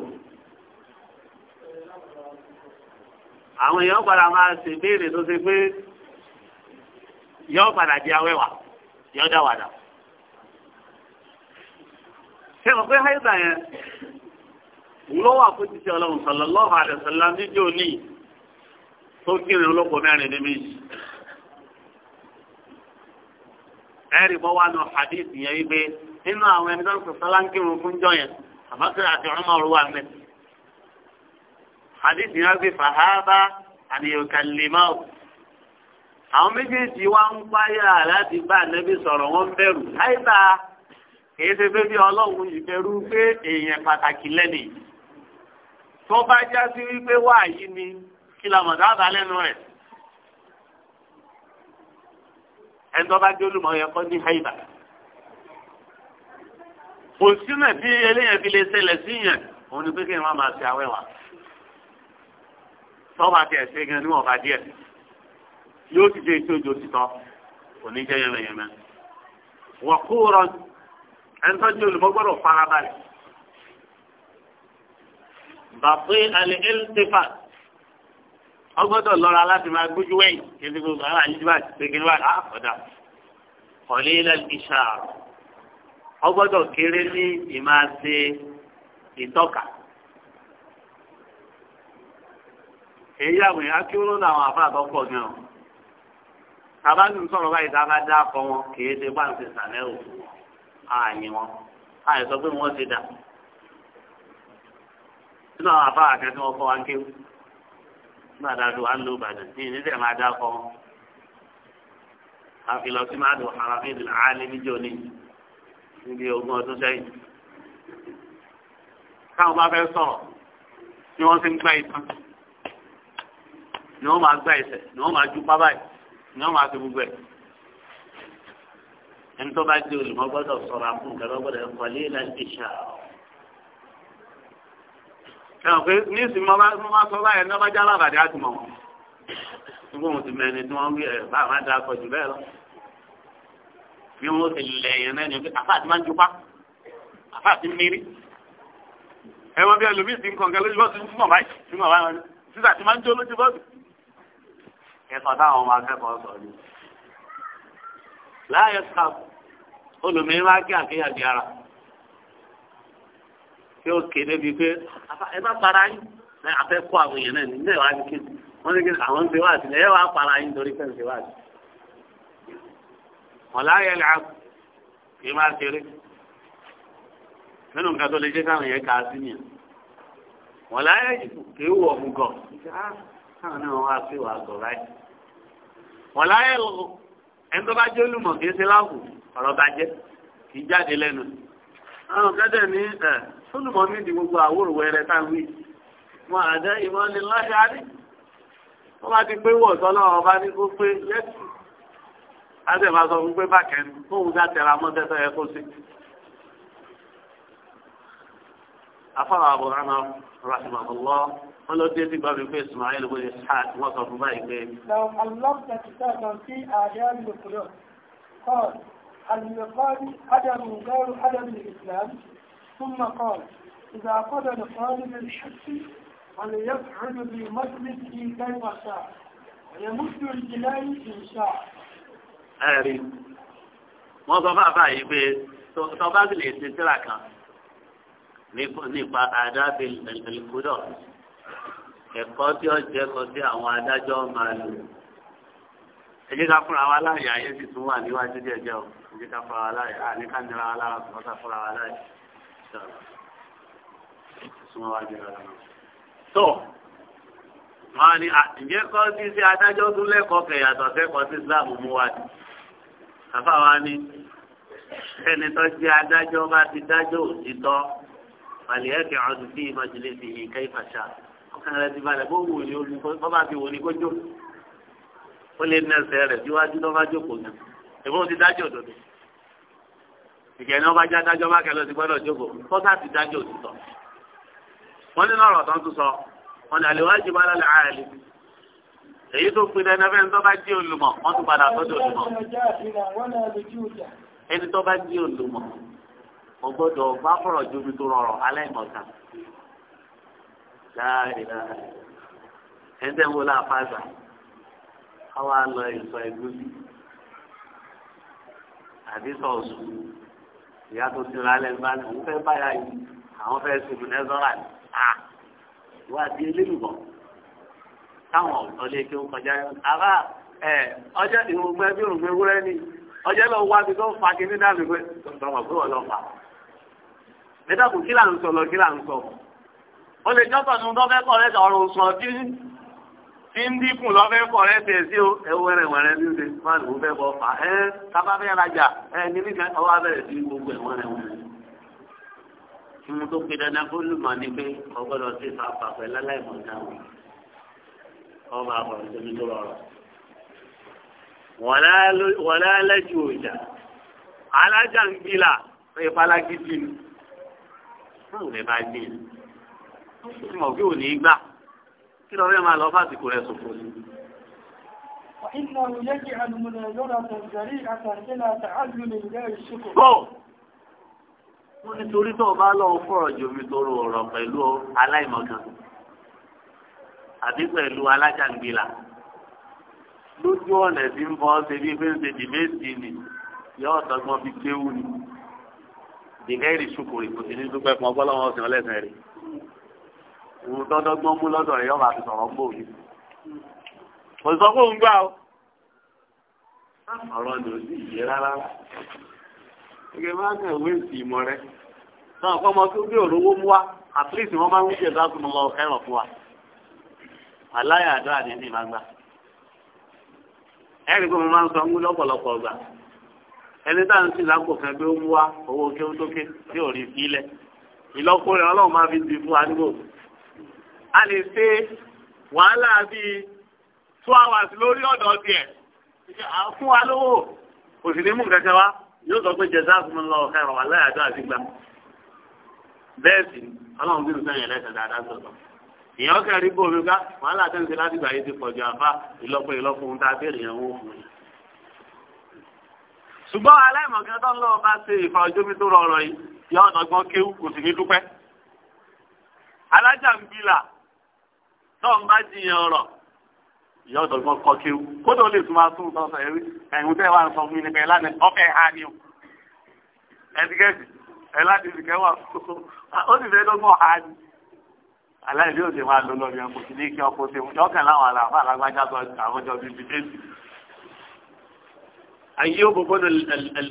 àwọn èèyàn padà máa ṣèbéèrè tó ṣe pé yọ padà di awẹ́wà yọ dá wàdà. ṣé o pé haida yẹn lọ́wọ́ àkójúṣe ọlọ́run sallallahu alaihi wasallam níjó ní tó kírun olóko mẹ́rin ní méjì. ẹ̀rì bọ́ wá nù hadith yẹn wípé nínú àwọn ẹni tó ń sọ̀tọ́ láńkírun fún jọ yẹn àbákẹ́rẹ́ àti ọmọ òru wà ń hadith yẹn wá fàhábà àníyàn àwọn méjèèjì wá ń páyà láti bá ànábì sọ̀rọ̀ wọ́n bẹ̀rù láìpẹ́ kìí ṣe pé ọlọ́run ìbẹ̀rù pé èèyàn pàtàkì lẹ́nì tó bá já sí wípé wà yìí ni kí la mọ̀ dábàá lẹ́nu rẹ̀ ẹni tó bá dé olùmọ̀ yẹ kọ́ ní haibà kò sínú ẹ̀bí eléyàn fi lè ṣẹlẹ̀ sí yẹn òun ni pé kí ni wọ́n máa ṣe àwẹ̀wà tọ́ba tiẹ̀ ṣe gan ni wọ́n bá díẹ̀ yóò ti jẹ́ ìṣojú òtítọ́ òní jẹ́ yẹmẹyẹmẹ. wọ́n kú rọ ẹni farabalẹ̀. bàbá alẹ́ ẹlẹ́tẹ̀fà ọgbọ́dọ̀ lọ́ra láti máa gbójú wẹ̀yìn kí ẹni gbogbo àwọn ọ̀lẹ́ ilẹ̀ ìṣà ọgbọ́dọ̀ kéré ní ìmáṣe ìtọ́ka. tàbá ní sọ̀rọ̀ báyìí tá a bá dá akọ wọn kì í ṣe bá ń ṣe sàlẹ̀ o wọn ààyè sọ pé wọ́n ṣe dà nínú àwọn àbá àkẹ́ tí kọ́ wa ń kéwù nínú àdájọ́ wa ń lo ìbàdàn ní ìníṣẹ́ máa dá akọ wọn àfi lọ sí máa dùn àràfin ìdìlà áálé níjẹ́ òní níbi ogún ọdún sẹ́yìn táwọn bá fẹ́ sọ̀rọ̀ ni wọ́n ti ń gbá ìtàn ni wọ́n máa gbá ìṣẹ̀ ni wọ́n máa ju pábáyìí ní wọn máa fi gbogbo ẹ ẹni tó bá di olùmọ gbọ́dọ̀ sọ̀rọ̀ àfún nǹkan tó gbọ́dọ̀ ẹkọ lé láti ṣá ọ. kẹwọn pé nísìnyí mo máa sọ báyẹn ní ọbàjá alábàdé á ti mọ wọn nígbà wọn ti mọ ẹni tí wọn wí ẹ bá àwọn adá akọ jù bẹ́ẹ̀ lọ bí wọn ti lẹ ẹyàn náà ni àfa àti máa ń jupa àfa àti mírí ẹ wọn bí ẹlòmíì ti ń kọǹkẹ lójú bọ́ọ̀sì ń mọ̀ báyìí ń mọ̀ báyìí sísà ti máa ń jó lójú bọ́ọ̀sì ẹ̀kọ́ táwọn akẹ́kọ̀ọ́ sọ ni. láàyè olùmí wá kí àkéyàgbé ara tí ó ké débi kí máa ṣeré nínú nǹkan tó lè jẹ́ káwọn yẹn kà á sí nìyẹn. ọ̀la yẹn kì í wọ̀ ọ̀mùgọ̀ táwọn náà wá sí wàá sọ báyìí. wọ́n láyé lọ ẹni tó bá jẹ́ olùmọ̀ kì í ṣe láàbù ọ̀rọ̀ bá jẹ́ kì í jáde lẹ́nu. àwọn kẹ́tẹ̀ ní ẹ̀ olùmọ̀ ní ìdí gbogbo àwòrán wẹ̀rẹ̀ táwọn wí. mo àdé ìmọ̀ ni láṣẹ adé. wọ́n bá ti pé wọ̀sán náà wọ́n bá ní kó pé yẹ́sì. adé máa sọ fún pé bákẹ́ni fóun dá tẹra mọ́ tẹ́tẹ́ yẹ kó sí. afáwọn àbúrò náà rahimahullah wọ́n lọ dé sígbà wípé Ismail wọ́n ṣá wọ́n sọ fún báyìí pé. lọ alọ́pàá ti sọ̀rọ̀ sí ààrẹ àlùkùrọ̀ ثم قال إذا قدر طالب الحق وليفعل بمجلسه كيف شاء ويمد شاء. ẹ̀rí wọ́n sọ fún àbá yìí pé tọ́ba sì lè ṣe síra kan nípa àdá bẹ̀lẹ̀kúdọ̀ ẹ̀kọ́ tí ó jẹ́ kọ sí àwọn adájọ́ máa lò ẹ jẹ́ ká fúnra wa láàyè ayé sì tún wà níwájú díẹ̀ jẹ́ o ẹ jẹ́ ká fúnra wa láàyè àní ká nira wa lára kò ká fúnra wa láàyè súnmọ́ wa jẹ́ ara náà. tó wọn ni ǹjẹ́ kọ́ sí sí adájọ́ tún lẹ́kọ̀ọ́ kẹ̀yàtọ̀ kẹ́kọ̀ọ́ sí Islam mú wa ni àfa wa ni ẹni tó jẹ́ adájọ́ bá ti dájọ́ òtítọ́ pàlẹ́ ẹ̀kẹ́ ọdún sí ìmọ̀jìlẹ́sì yìí ìfàṣà ọkàn rẹ ti balẹ̀ bó wò ní olùkọ́ bó bá fi wò ní kójó ó lè nà ẹsẹ̀ rẹ̀ síwájú tó bá jókòó náà èbó ti dájọ́ òdodo ìkẹ́ ní wọ́n bá já dájọ́ bá kẹlẹ́ ti gbọ́dọ̀ jókòó kọ́sá ti dájọ́ òtítọ́ wọ́n ní lọ́rọ̀ tó ń tún sọ wọ́n ní àlewájú bá lálẹ́ ara rẹ̀ èyí tó pe dandan fẹ́ tó bá jí olùmọ̀ wọ́n tún padà tọ́jú olùmọ̀ ẹni tó bá jí olùmọ̀ ọgbọ́dọ̀ bá fọ̀rọ̀ jóbi tó rọrọ̀ aláìmọ̀ta láàrínà ẹ̀ńtẹ́ wo la fàgbà àwa lọ ìsọ ẹ̀gúsí àbí sọ̀ọ̀sù ìyá tó ti ra lẹ́nu bá ní òun fẹ́ báyà yìí àwọn fẹ́ sùnmù nẹ́sọ́rà ni à wá sí eléyìnbọ̀ táwọn ọ̀tọ́ lé kí ó kọjá yọ àbá ẹ ọjọ́ ìrùngbẹ́ bí ìrùngbẹ́ wúrẹ́ ni ọjọ́ lọ wá mi tó ń fa kíní náà lùgbẹ́ tọmọ pé wọ́n lọ fà mẹ́tàkùn kí là ń sọ lọ kí là ń sọ ó lè jọ́sọ̀ ní ọdún fẹ́kọ̀ rẹ̀ ọ̀rọ̀ òsàn tí tí ń dínkù lọ́fẹ́kọ̀ rẹ̀ tẹ̀ sí o ẹwọ́ rẹ̀ wẹ̀rẹ̀ ní ṣe máa lò ó fẹ́ bọ́ fà ẹ́ tábà fẹ́ rajà ẹ́ ní nígbà ọwọ́ abẹ́rẹ́ sí gbogbo ẹ̀wọ́n rẹ̀ wọ̀nyí. mo tó pe dandan kó lù mọ́ ni pé ọgbọ́dọ̀ ti fa pàpẹ́ láláìmọ̀ dáhùn ọmọ àbọ̀rọ̀ tó ní tó rọrọ̀ wọ̀lá lẹ́jù òjà alájà ń gbìlà pé ìpalagídì ni báwo lè bá gbìn ó sì mọ̀ pé ò ní í gbà kí lọ́rẹ́ máa lọ fásitì rẹ̀ sòfò sí. Wọ́n nítorí tó bá lọ́wọ́ fọ́rọ̀ jomi toro ọ̀rọ̀ pẹ̀lú aláìmọ̀kan àbí pẹ̀lú alájàngbìlà lójú ọ̀nà tí ń bọ́ ṣe bí pé ń ṣe dìbéètì ni yóò tọ́gbọ́n fi kéwù ni. Dìgẹ́rì ṣùkùrì kò ní dúpẹ́ fún ọgbọ́n ọlẹ́sìn rẹ̀ òun dọ́dọ́gbọ́n mú lọ́dọ̀ rẹ̀ yọba àti sọ̀rọ̀ ń bò ní. sọ fún òun gbà o. ọ̀rọ̀ ni ò sí ìyẹ rárá. gẹ́gẹ́ bá ń tẹ̀wé ìsì ìmọ̀ rẹ̀. sọ̀rọ̀ pé ọmọ tó gbé òróró mú wa àtúrísì wọn máa ń wíjẹ bá tún lọ kẹrọ fún wa. àláyà àdó àdéhùn máa gbà. ẹ̀rí pé mo máa ń sọ ń lọ́pọ̀lọpọ̀ ọgbà. ẹni táà ń sì lápò kan pé ó mú wa owó kéwótókè tí ò rí ìfilẹ̀. ìlọ́kùnrin ọlọ́run máa fi di fún wa nígbò a lè ṣe wàhálà bíi two hours lórí ọ̀dọ̀ tiẹ̀ fún wa lówó kò sì ní mú nǹkan kan wá yóò sọ pé jẹ̀sà fún mi lọ ọ̀ka ẹ̀rọ wà láyà tó àti gbà bẹ́ẹ̀ sì ọlọ́run bí mi sẹ́yìn ẹlẹ́sẹ̀ dáadáa sọ̀tọ̀ ìyẹn kẹrin rí bómi ká wàhálà tẹ́ ń ṣe láti gbà yìí ti pọ̀jù àfa ìlọ́pọ̀ ìlọ́pọ̀ ohun tá a béèrè yẹn wó fún mi. ṣùgbọ́n aláìmọ̀kẹ́ tó ń lọ́wọ́ náà ń bá jiyàn ọ̀rọ̀ ìyá ọ̀dọ̀ gbọ́ kódò lè tún máa tún un sọ ẹ̀rí ẹ̀hún tẹ́ wà sọ fún mi nípa ẹ̀ lánàá ọ̀fẹ́ ha ni o ẹ̀dígẹ́sì ẹ̀ láti ìdìgẹ́ wà ó sì fẹ́ lọ́gbọ́n ha ni aláìlú òde máa lọ lọ yẹn sí ní kí ọkọ ṣe wọn lọkàn láwọn àlàáfà alágbájá sọ àwọn jọ bíi bíi bíi. ayé òpópónà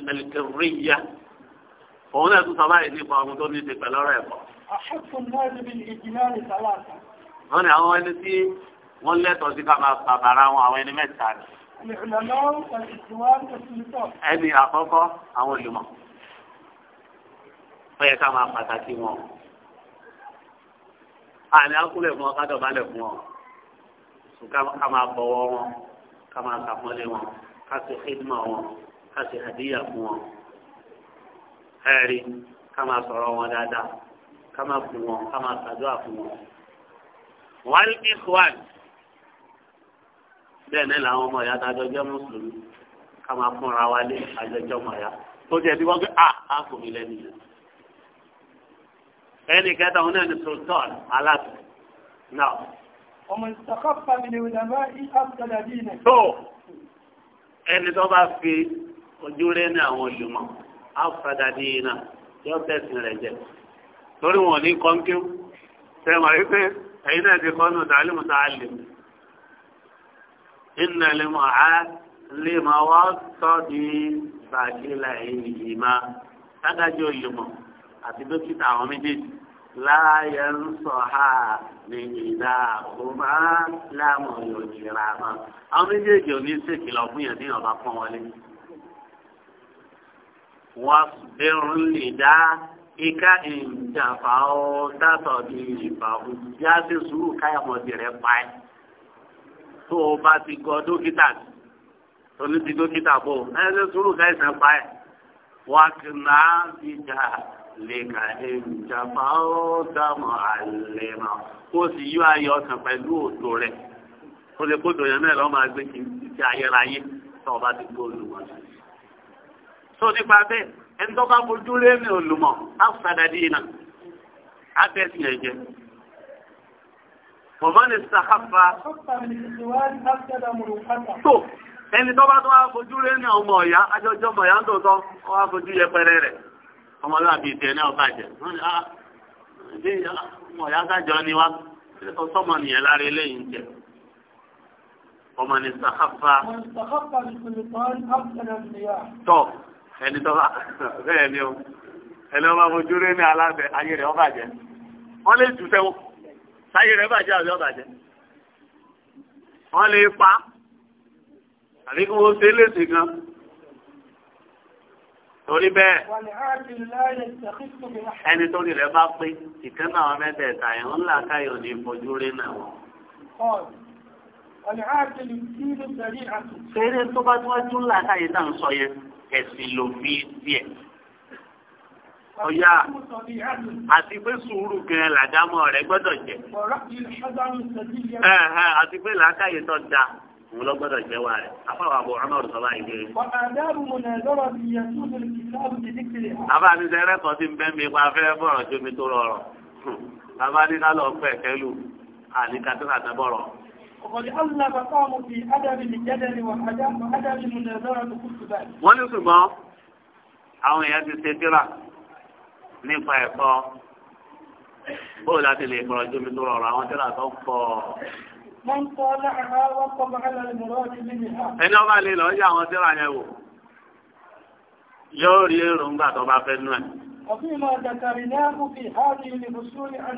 ẹlẹkẹrìyà òun náà tún sọ báyìí nípa ohun tó ní í pẹ̀lú ọ̀rọ̀ wọ́n ní àwọn ẹni tí wọ́n lẹ́tọ̀ọ́ sí ká máa bàbàrà wọn àwọn ẹni mẹ́ta ni. ẹni àkọ́kọ́ àwọn olùmọ̀ ó yẹ ká máa pàtàkì wọn àní akúlẹ̀ fún ọ ká dọ̀bálẹ̀ fún ọ ká máa bọ̀wọ̀ wọn ká máa sàpọ́nlé wọn ká ṣe xidma wọn ká ṣe àdíyà fún wọn ẹ̀rí ká máa sọ̀rọ̀ wọn dáadáa ká máa fún wọn ká máa ṣàdúrà fún wọn wàlí ikhwan bẹ́ẹ̀ náà làwọn ọmọ ìyá tájọ jẹ́ mùsùlùmí ká máa fúnra wa lé àjọjọ́ ọmọ ìyá tó jẹ́ bí wọ́n gbé à á kò mí lẹ́nu yẹn. ẹnì kẹta òun náà ni sultan aláṣẹ náà. ọmọ ìsàkọ́pá mi ni ìlànà ìhàkàdà bíi tó ẹni tó bá fi ojú rẹ ní àwọn olùmọ̀ àfàdà bíi nà yóò tẹ̀sìn rẹ̀ jẹ torí wọn ní kọ́ńkéw tẹ̀ wọ́n ẹ̀yin náà ti kọ́ nù tàlímù tá a lè mú iná lè mú a lè máa wá tọ́ di bàkílà èyí máa dádájọ́ ìlúmọ̀ àti dókítà àwọn méjèèjì láàyè ń sọ ha ní ìdá òmà láàmú ìròyìnra mọ àwọn méjèèjì ò ní ṣèkìlọ̀ fún yẹn ní ọba pọn wọlé wọn bẹ̀rù lè dá ika ìjàfà ọ dátọ̀ bí ìbàwù yá sí sùúrù káyọ̀mọ̀dì rẹ̀ pa ẹ́ tó o bá ti gọ dókítà tóní ti dókítà bò ẹ ṣe sùúrù káyọ̀sán pa ẹ́ wà kìnnà ìjà lè ka ìjàfà ọ dàmọ̀ àlè mọ̀ kó o sì yọ ayọ̀ ọ̀sán pẹ̀lú òdo rẹ̀ o lè kó dòyàn náà lọ́ máa gbé kí n ti ayẹra yín tó o bá ti gbó olùwọ̀n. tó nípa bẹ́ẹ̀ ẹni tó bá fojú lé ní olùmọ̀ afsadadi iná abẹ́sìn ẹ̀jẹ̀. Bọ̀mọ́ni sàkáfà. Tó ẹni tó bá tó wá fojú lé ní ọmọ ọ̀yá, ajọjọ́ ọmọ ọ̀yá ń tòótọ́, ó wá fojú yẹpẹrẹ rẹ̀. Ah, ọmọ ẹni tó bá bẹ́ẹ̀ ni o ẹni ọba mojú rẹ ní alábẹ ayé rẹ ọba jẹ wọn lè jù sẹwọn sáyé rẹ bàjẹ́ àbí ọba jẹ wọn lè pa àbí kí wọn ṣe léṣe gan torí bẹ́ẹ̀ ẹni tó rí rẹ bá pé ìkan náà wọn mẹ́tẹ̀ẹ̀ta yẹn ń là káyọ ní ìfojú rẹ náà wọn. Fèrè tó bá tí wọ́n tún là káyé náà ń sọ yẹn ẹ̀sìn ló fi tiẹ̀. ọ̀yà àti pé sùúrù gan-an làdámọ̀ rẹ̀ gbọ́dọ̀ jẹ́. àti pé làákàyè tó da òun lọ gbọ́dọ̀ jẹ́ wa rẹ̀ afáwọn àbò ọmọdé sọ báyìí pé. bàbá mi sẹ ẹrẹ kan ti ń bẹ́ mi pa afẹ́rẹ́ bọ̀rọ̀ tó mi tó rọrọ̀ bàbá ní ká lọ pẹ̀ kẹ́lù àní tẹ́ bọ̀rọ̀ wọ́n ní ṣùgbọ́n àwọn èèyàn ti ṣe tíra nípa ẹ̀kọ́ bóò láti lè fọ̀rọ̀ jómi tó rọrọ̀ àwọn tíra tó ń pọ̀. ẹni ọba lè lọ yí àwọn tíra yẹn wò yóò rí èròǹgbà tó bá fẹ́ nú ẹ̀. وفيما ذكرناه في هذه الفصول عن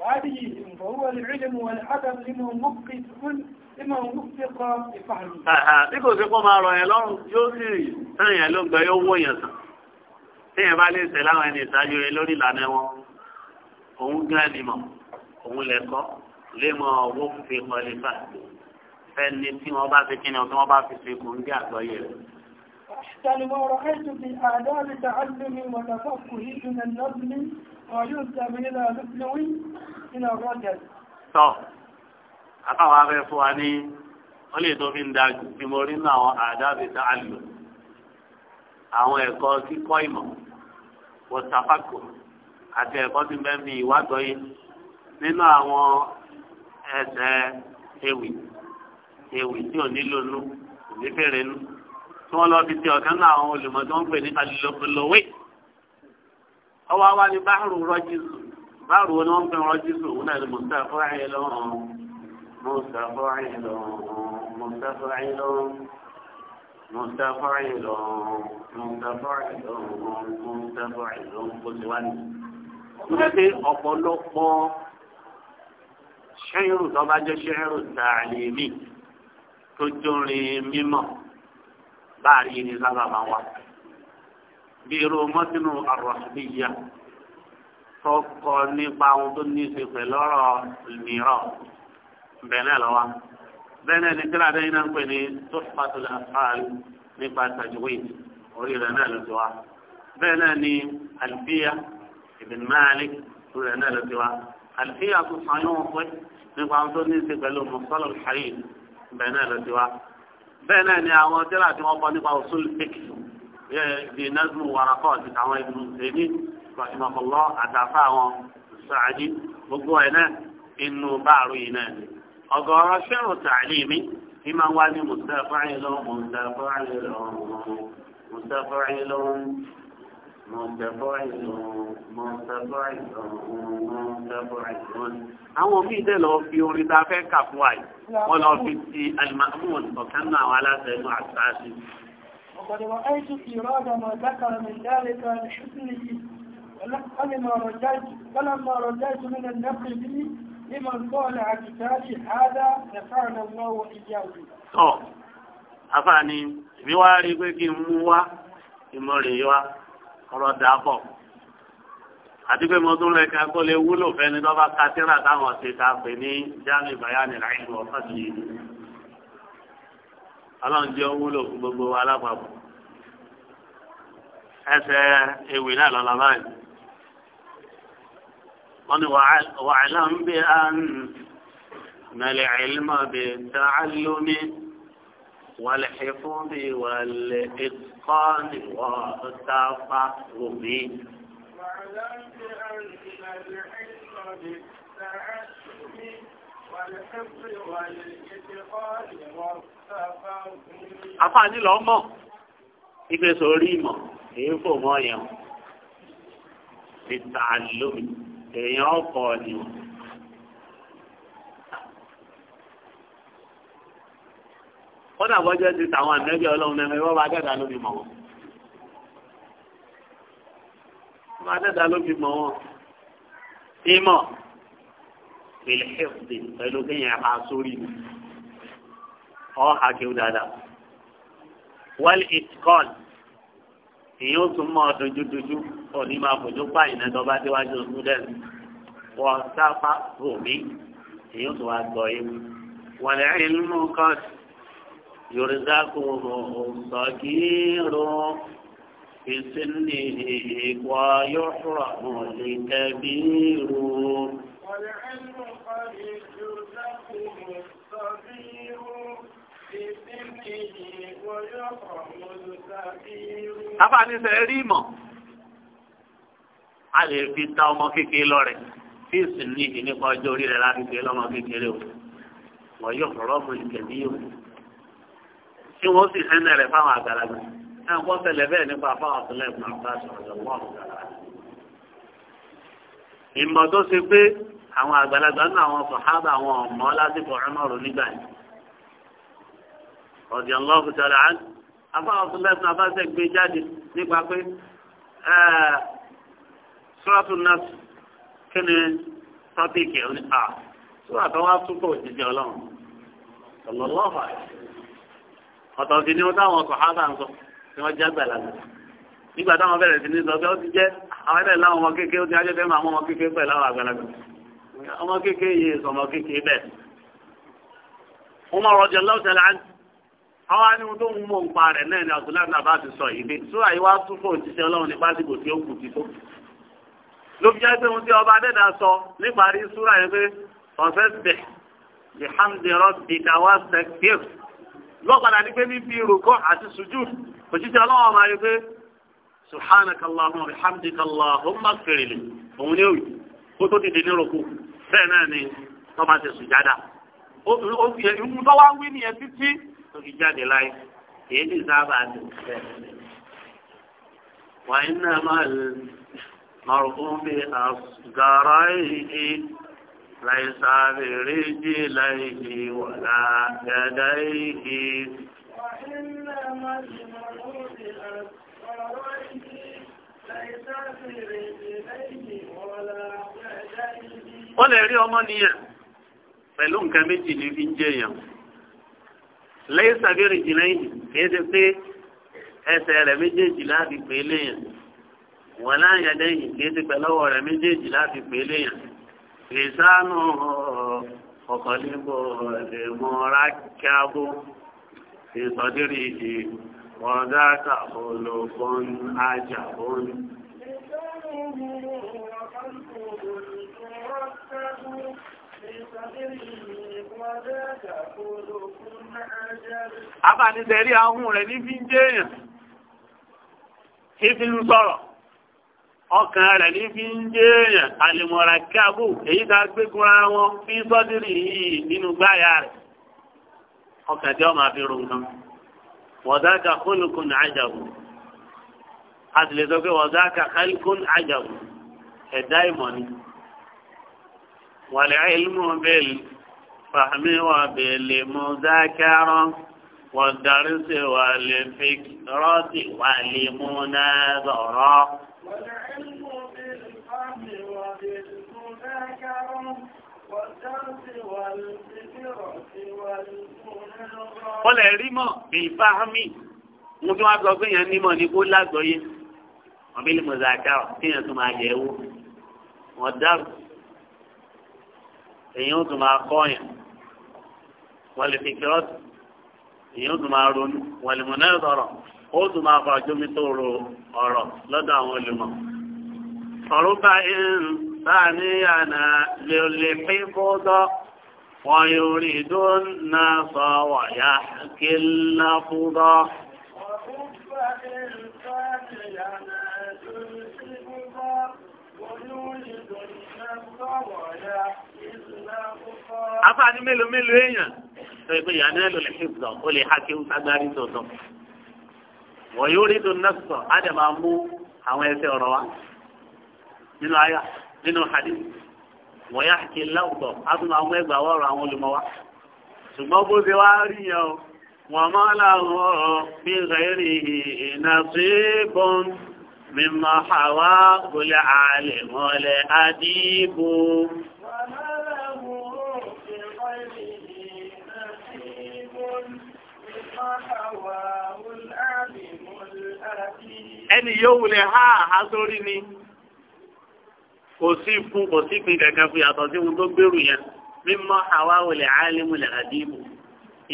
وهديهم فهو العلم والأدب لمن مبقي لمن مبقى بفهمه. bí kò sí kó máa rọ̀ yẹn lọ́rùn yóò sì tán yẹn ló gbẹ yóò wó yẹn sàn téèyàn bá lè sẹ láwọn ẹni ìsájú rẹ lórí ìlànà wọn òun gán ni mọ òun lẹkọ lémọ owó fi kọlé fà fẹni tí wọn bá fi kíni ọ tí wọn bá fi fi kùn ń gé àgbọ́yé rẹ. أحسن ما رأيت في آداب تعلم وتفقه من النظم وينسب إلى مثلو إلى الرجل tọ́ akáwọn afẹ́ fún wa ní wọ́n lè tó fi ń da ju mo rí nínú àwọn àdáàbí tá a lò àwọn ẹ̀kọ́ kíkọ́ ìmọ̀ wọ́tàfàkù àti ẹ̀kọ́ tí bẹ́ẹ̀ bí ìwádọ́ yìí nínú àwọn ẹsẹ̀ ewì ewì tí ò nílò nú kò fèrè nú tí wọ́n lọ fi ti ọ̀kan náà àwọn olùmọ̀ tí wọ́n pè ní alìlọ́pẹ̀lọ́wé ọwọ́ wa ni báàrù rọ́jìsù báàrù ni wọ́n pè rọ́jìsù òun náà ni mùsàfọ́ ayé lọ́rùn mùsàfọ́ ayé lọ́rùn mùsàfọ́ ayé lọ́rùn mùsàfọ́ ayé lọ́rùn mùsàfọ́ ayé lọ́rùn mùsàfọ́ ayé lọ́rùn kó ti wá ní. Nígbàdé ọ̀pọ̀lọpọ̀ ṣẹ́yìn rù bá jẹ́ ṣẹ́yìn rù tààlì tó jórin mímọ̀ láàrin yìí ni sábà máa wà bí irú mọ́tínú àròsíbíyà tó kọ nípa ohun tó ní í ṣe pẹ̀lú ọ̀rọ̀ mìíràn bẹ́ẹ̀ náà lọ́wọ́ bẹ́ẹ̀ náà ni tíra dẹ́yìn náà ń pè ní tó fàtúlẹ̀ àfáàlì nípa tajwid orí rẹ̀ náà ló ti bẹ́ẹ̀ ni àlùfíà ibn Malik orí rẹ̀ náà ló ti àlùfíà tó sàn yóò pé nípa ohun tó ní ṣe pẹ̀lú mọ̀sálọ̀ bẹ́ẹ̀ náà ni àwọn tírà tí wọ́n kọ́ nípa usul fiqh bí nazmu warakọ́ àti àwọn ibùdó èmi rahimahullah àtàfà àwọn sàádì gbogbo ẹ̀ náà inú báàrú yìí náà ni ọ̀gọ̀rọ̀ ṣẹ́rù tàlímì ní máa wá ní mustapha ayélujára mustapha ayélujára mustapha ayélujára àwọn míì dẹ̀ lọ fi orin tá a fẹ́ kà fún àyè wọ́n lọ fi ti alimamun ọ̀kan náà àwọn aláṣẹ inú àṣáṣe. وقد رأيت في راد ما ذكر من ذلك الحسن فلما رجعت فلما رجعت من النقل به لمن قال عن كتابي ọ̀rọ̀ dà pọ̀ àti pé mo tún lẹ́ka kó lè wúlò fẹ́ni tó bá ka síra táwọn ṣe ta pè ní jáde bayani láìpẹ́ ọ̀sán yìí ọlọ́run jẹ́ wúlò fún gbogbo alápapọ̀ ẹsẹ̀ ewì náà lọ́la báyìí wọ́n ni wàhálà ń bẹ àrùn mẹ́lẹ̀ àìlímọ̀ bẹ̀ tààlómi. والحفظ والإتقان والتفهم واعلم بأن العلم بالتعلم والحفظ والإتقان والتفهم àfààní lọ mọ̀ ìgbésẹ̀ orí ìmọ̀ èyí fò mọ́ yẹn ìtàlómi èèyàn ọkọ̀ ọ̀nìyàn. kódà bọ́jọ́ ti tàwọn ànẹ́bí ọlọ́run náà ẹ̀rọ bá dẹ́dà ló fi mọ̀ wọn. bá dẹ́dà ló fi mọ̀ wọn. ìmọ̀ ìlẹ́ẹ̀fùdè pẹ̀lú kéèyàn ha sórí mi ọ̀ ha kí ó dáadáa. wọ́n ìtìkọ́n èyí ó tún mọ́ dojúdojú òní máa fojú pààyàn náà tó bá déwájú student wọ́n sáfà rò mí èyí ó tún wá gbọ́ yé mi. wọ́n lẹ́yìn inú kan sí. يرزقهم صغير في سنه ويحرم لكبير والعلم قد يرزقهم الصغير في سنه ويحرم الكبير a lè fi ta ọmọ kékeré lọ́rẹ̀ fíìsì ní ìnípa ọjọ́ orí rẹ̀ láti fi lọ́mọ kékeré o wọ́n yóò fọ̀rọ̀ mọ́ ìkẹ̀lẹ́ tí wọ́n sì hẹ́nẹ̀ rẹ̀ fáwọn àgbàlagbà náà wọ́n tẹ̀lé bẹ́ẹ̀ nípa fáwọn àtúnlẹ̀ ìgbà àbáṣọ ọ̀dọ̀wọ́ àgbàlagbà. ìmọ̀ tó ṣe pé àwọn àgbàlagbà náà àwọn sọ̀hábà àwọn ọ̀mọ́ lásìkò ọ̀rọ̀mọ̀rọ̀ nígbà yìí. ọ̀dì ọlọ́ọ̀fù tẹ̀lé àfáwọn àtúnlẹ̀ ìgbà àbáṣẹ gbé jáde nípa pé sọ́ọ̀tù náà kí ọ̀tọ̀ sí ni wọ́n táwọn sọ̀hábà ń sọ tí wọ́n jágbà lànà nígbà táwọn bẹ̀rẹ̀ sí ní sọ pé ó ti jẹ́ àwọn ẹ̀rẹ̀ láwọn ọmọ kékeré ó ti ajẹ́ fẹ́ràn àwọn ọmọ kékeré pẹ̀lú àwọn àgbàlagbà ọmọ kékeré yìí sọ ọmọ kékeré bẹ́ẹ̀. wọ́n máa rọjò lọ́sẹ̀lá àwọn aníhun tó ń mú npa rẹ̀ náà ni àtúnlá náà bá ti sọ ìdí sóra yìí wá tún fún òjíṣẹ́ ọlọ́run nípa àsìkò tí ó kù ti tó. ló fi jẹ́ pé ohun tí ọba adẹ́dà sọ níparí sóra yẹn pé ọ̀fẹ́ bẹ̀ bihamdi rabbika wá lọ́padà ní pé níbi ìrùkọ́ àti sùjú òṣìṣẹ́ ọlọ́wọ́ máa rí pé subhanaka allahumma bihamdika allahumma firili òun ní tó dìde ní rògbò bẹ́ẹ̀ náà ni wọ́n máa ti sùjádà ó fi ìwú ليس برجليه ولا يديه وإنما المرود ليس برجليه ولا يديه ó lè rí ọmọ nìyẹn pẹ̀lú nǹkan méjì ní fi ń jẹ èèyàn lẹ́yìn sàbẹ̀rì jìnnà yìí kìí ṣe pé ẹsẹ̀ rẹ̀ méjèèjì láti pè é léèyàn wọ́n láàyàn lẹ́yìn kìí ṣe pẹ̀lú rẹ̀ méjèèjì láti pè é léèyàn lisanu ọkọlẹ́bọ̀ lè mọ́ra kíábó ìsọdírí ìdí ọ̀dáta olófún ajábón. Abánisẹ̀rí ahun rẹ̀ ní fi ń jẹ́ èèyàn, kí fi ń sọ̀rọ̀ ọkàn rẹ̀ ní fi ń jẹ́ èèyàn àlèmọ̀rà kábù èyí tá a gbé kúra wọn fi sọ́dírì yìí nínú gbáyà rẹ̀ ọkàn tí wọ́n máa fi rògbò wọ̀dáka kólukùn àjàbù a sì lè sọ pé wọ̀dáka kálíkùn àjàbù ẹ̀dá ìmọ̀ ni wàlẹ̀ ilmù bẹ́ẹ̀lì fàmí wà bẹ́ẹ̀lì mú dákẹ́rọ́ wọ̀dàrísẹ̀ wà lè fi rọ́ọ̀tì wà mú náà zọ̀rọ̀. والعلم بالفهم وبالتذاكر والدرس lè rí mọ̀ bí fáhámì. Mo tún wá sọ pé èèyàn nímọ̀ ní kó lágbọ́yé. Ọ̀bí lè mọ̀sá dáwọ̀ kéèyàn tún máa yẹ̀ wò. Wọ́n dáwọ̀. Èèyàn ó tún máa kọ́yàn. Wọ́n lè fi kírọ́tù. Èèyàn tún máa ronú. Wọ́n lè mọ̀ náà sọ̀rọ̀. ó tún máa fa jómi tó ro ọ̀rọ̀ lọ́dọ̀ àwọn olùmọ̀. ọ̀rọ̀ bá ń bá ní àná lè lè pín kódọ́ wọ́n yóò rí dún na sọ kí ń ná mélòó mélòó èèyàn tó ìpè yàrá lè fi ó lè sagbárí wọ́n yóò rí tó nẹ́sọ̀ á dẹ̀ máa mú àwọn ẹsẹ̀ ọ̀rọ̀ wa nínú àyà nínú hadith wọ́n yá kí láwùtọ̀ á tún máa mú ẹgbà wọ́ọ̀rọ̀ àwọn olùmọ̀ wa ṣùgbọ́n bó ṣe wá rí yẹn o wọ́n máa láwọn bí rẹ̀rì ìnà sí bọ́n mímọ́ àwa gbolẹ̀ àlè mọ́lẹ̀ àdìbò. wọ́n máa láwọn bí rẹ̀rì ìnà sí bọ́n. ẹni yóò wulẹ̀ ha ha sórí ni kò sí fún kò sí pin kankan fún yàtọ̀ sí ohun tó gbèrú yẹn mímọ́ àwa wulẹ̀ alimulẹ̀ àdìmù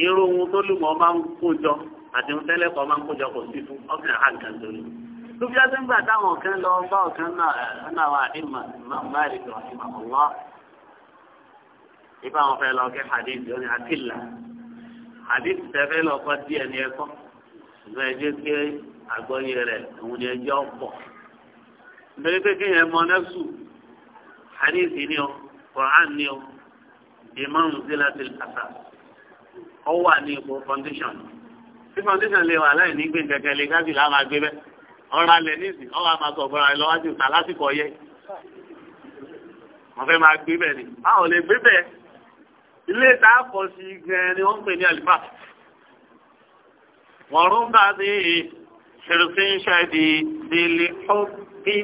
irú ohun tó lùmọ̀ máa ń kó jọ àti ohun tẹ́lẹ̀ kan máa ń jọ kò sí fún ọ̀gbìn àhàǹkan sórí. ọdún gbà táwọn kan lọ bá ọkan náà wà ní mọ̀ọ́mọ́rì lọ àdìsí tẹ́fẹ́ lọ́kọ́ díẹ̀ ní ẹ̀kọ́ ṣùgbọ́n ẹjẹ́ pé àgbọ́yé rẹ̀ òun ni ẹjẹ́ ọ̀pọ̀. nítorí pé kí yẹn mọ nẹ́sù àdìsí ni ọ Quran ni ọ imam zilatil kasa ọ wà ní ipò foundation tí foundation lè wà láì ní gbẹ̀ǹkẹ̀kẹ̀ lè gáàsì là máa gbé bẹ́ẹ̀ ọ̀rọ̀ alẹ̀ nísìn ọ̀rọ̀ àmàtọ̀ ọ̀bọ̀ra ẹ̀ lọ́wọ́ ilé tá a kọ sí gan ni wọ́n ń pè ní àlùfà wọ́n rún bá sí ṣèrùsìn ṣáàdì délé ọ̀bí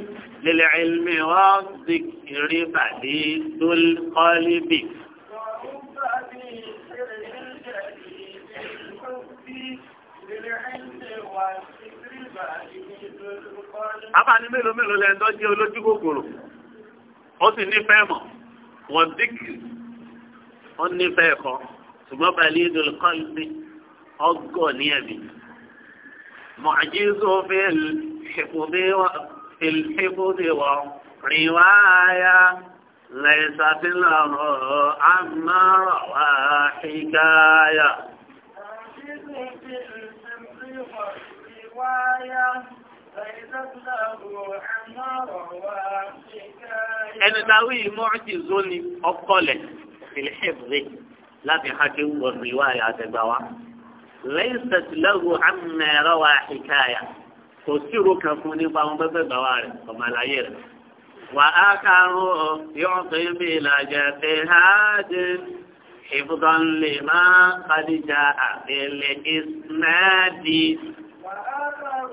lèlè ẹ̀lmí wọ́n dìkìrì pàdé dólkọ́lébì. abáni mélòó mélòó lẹ́ńdọ́ jẹ́ olójú kòkòrò ó sì ní fẹ́ mọ̀ wọ́n dìkìrì ó nífẹ̀ẹ́ kan ṣùgbọ́n balẹ̀ ìdòlùkọ́ ìgbé ọgọ́ ní ẹ̀mí. mọ̀jísọ́ fẹ́ ìlẹ́kùnbé wà rìn wáyà lẹ́sàtìlọ́rọ̀ àmọ́rọ̀ wá hìkáyà. ẹni táwí mọ́ọ̀tì zóni في الحفظ لا في حكم والرواية تبوا ليست له عما روى حكاية تسير كفوني فهم ببواري وملايير وآخر يعطي بلا هاد حفظا لما قد جاء بالإسناد وآخر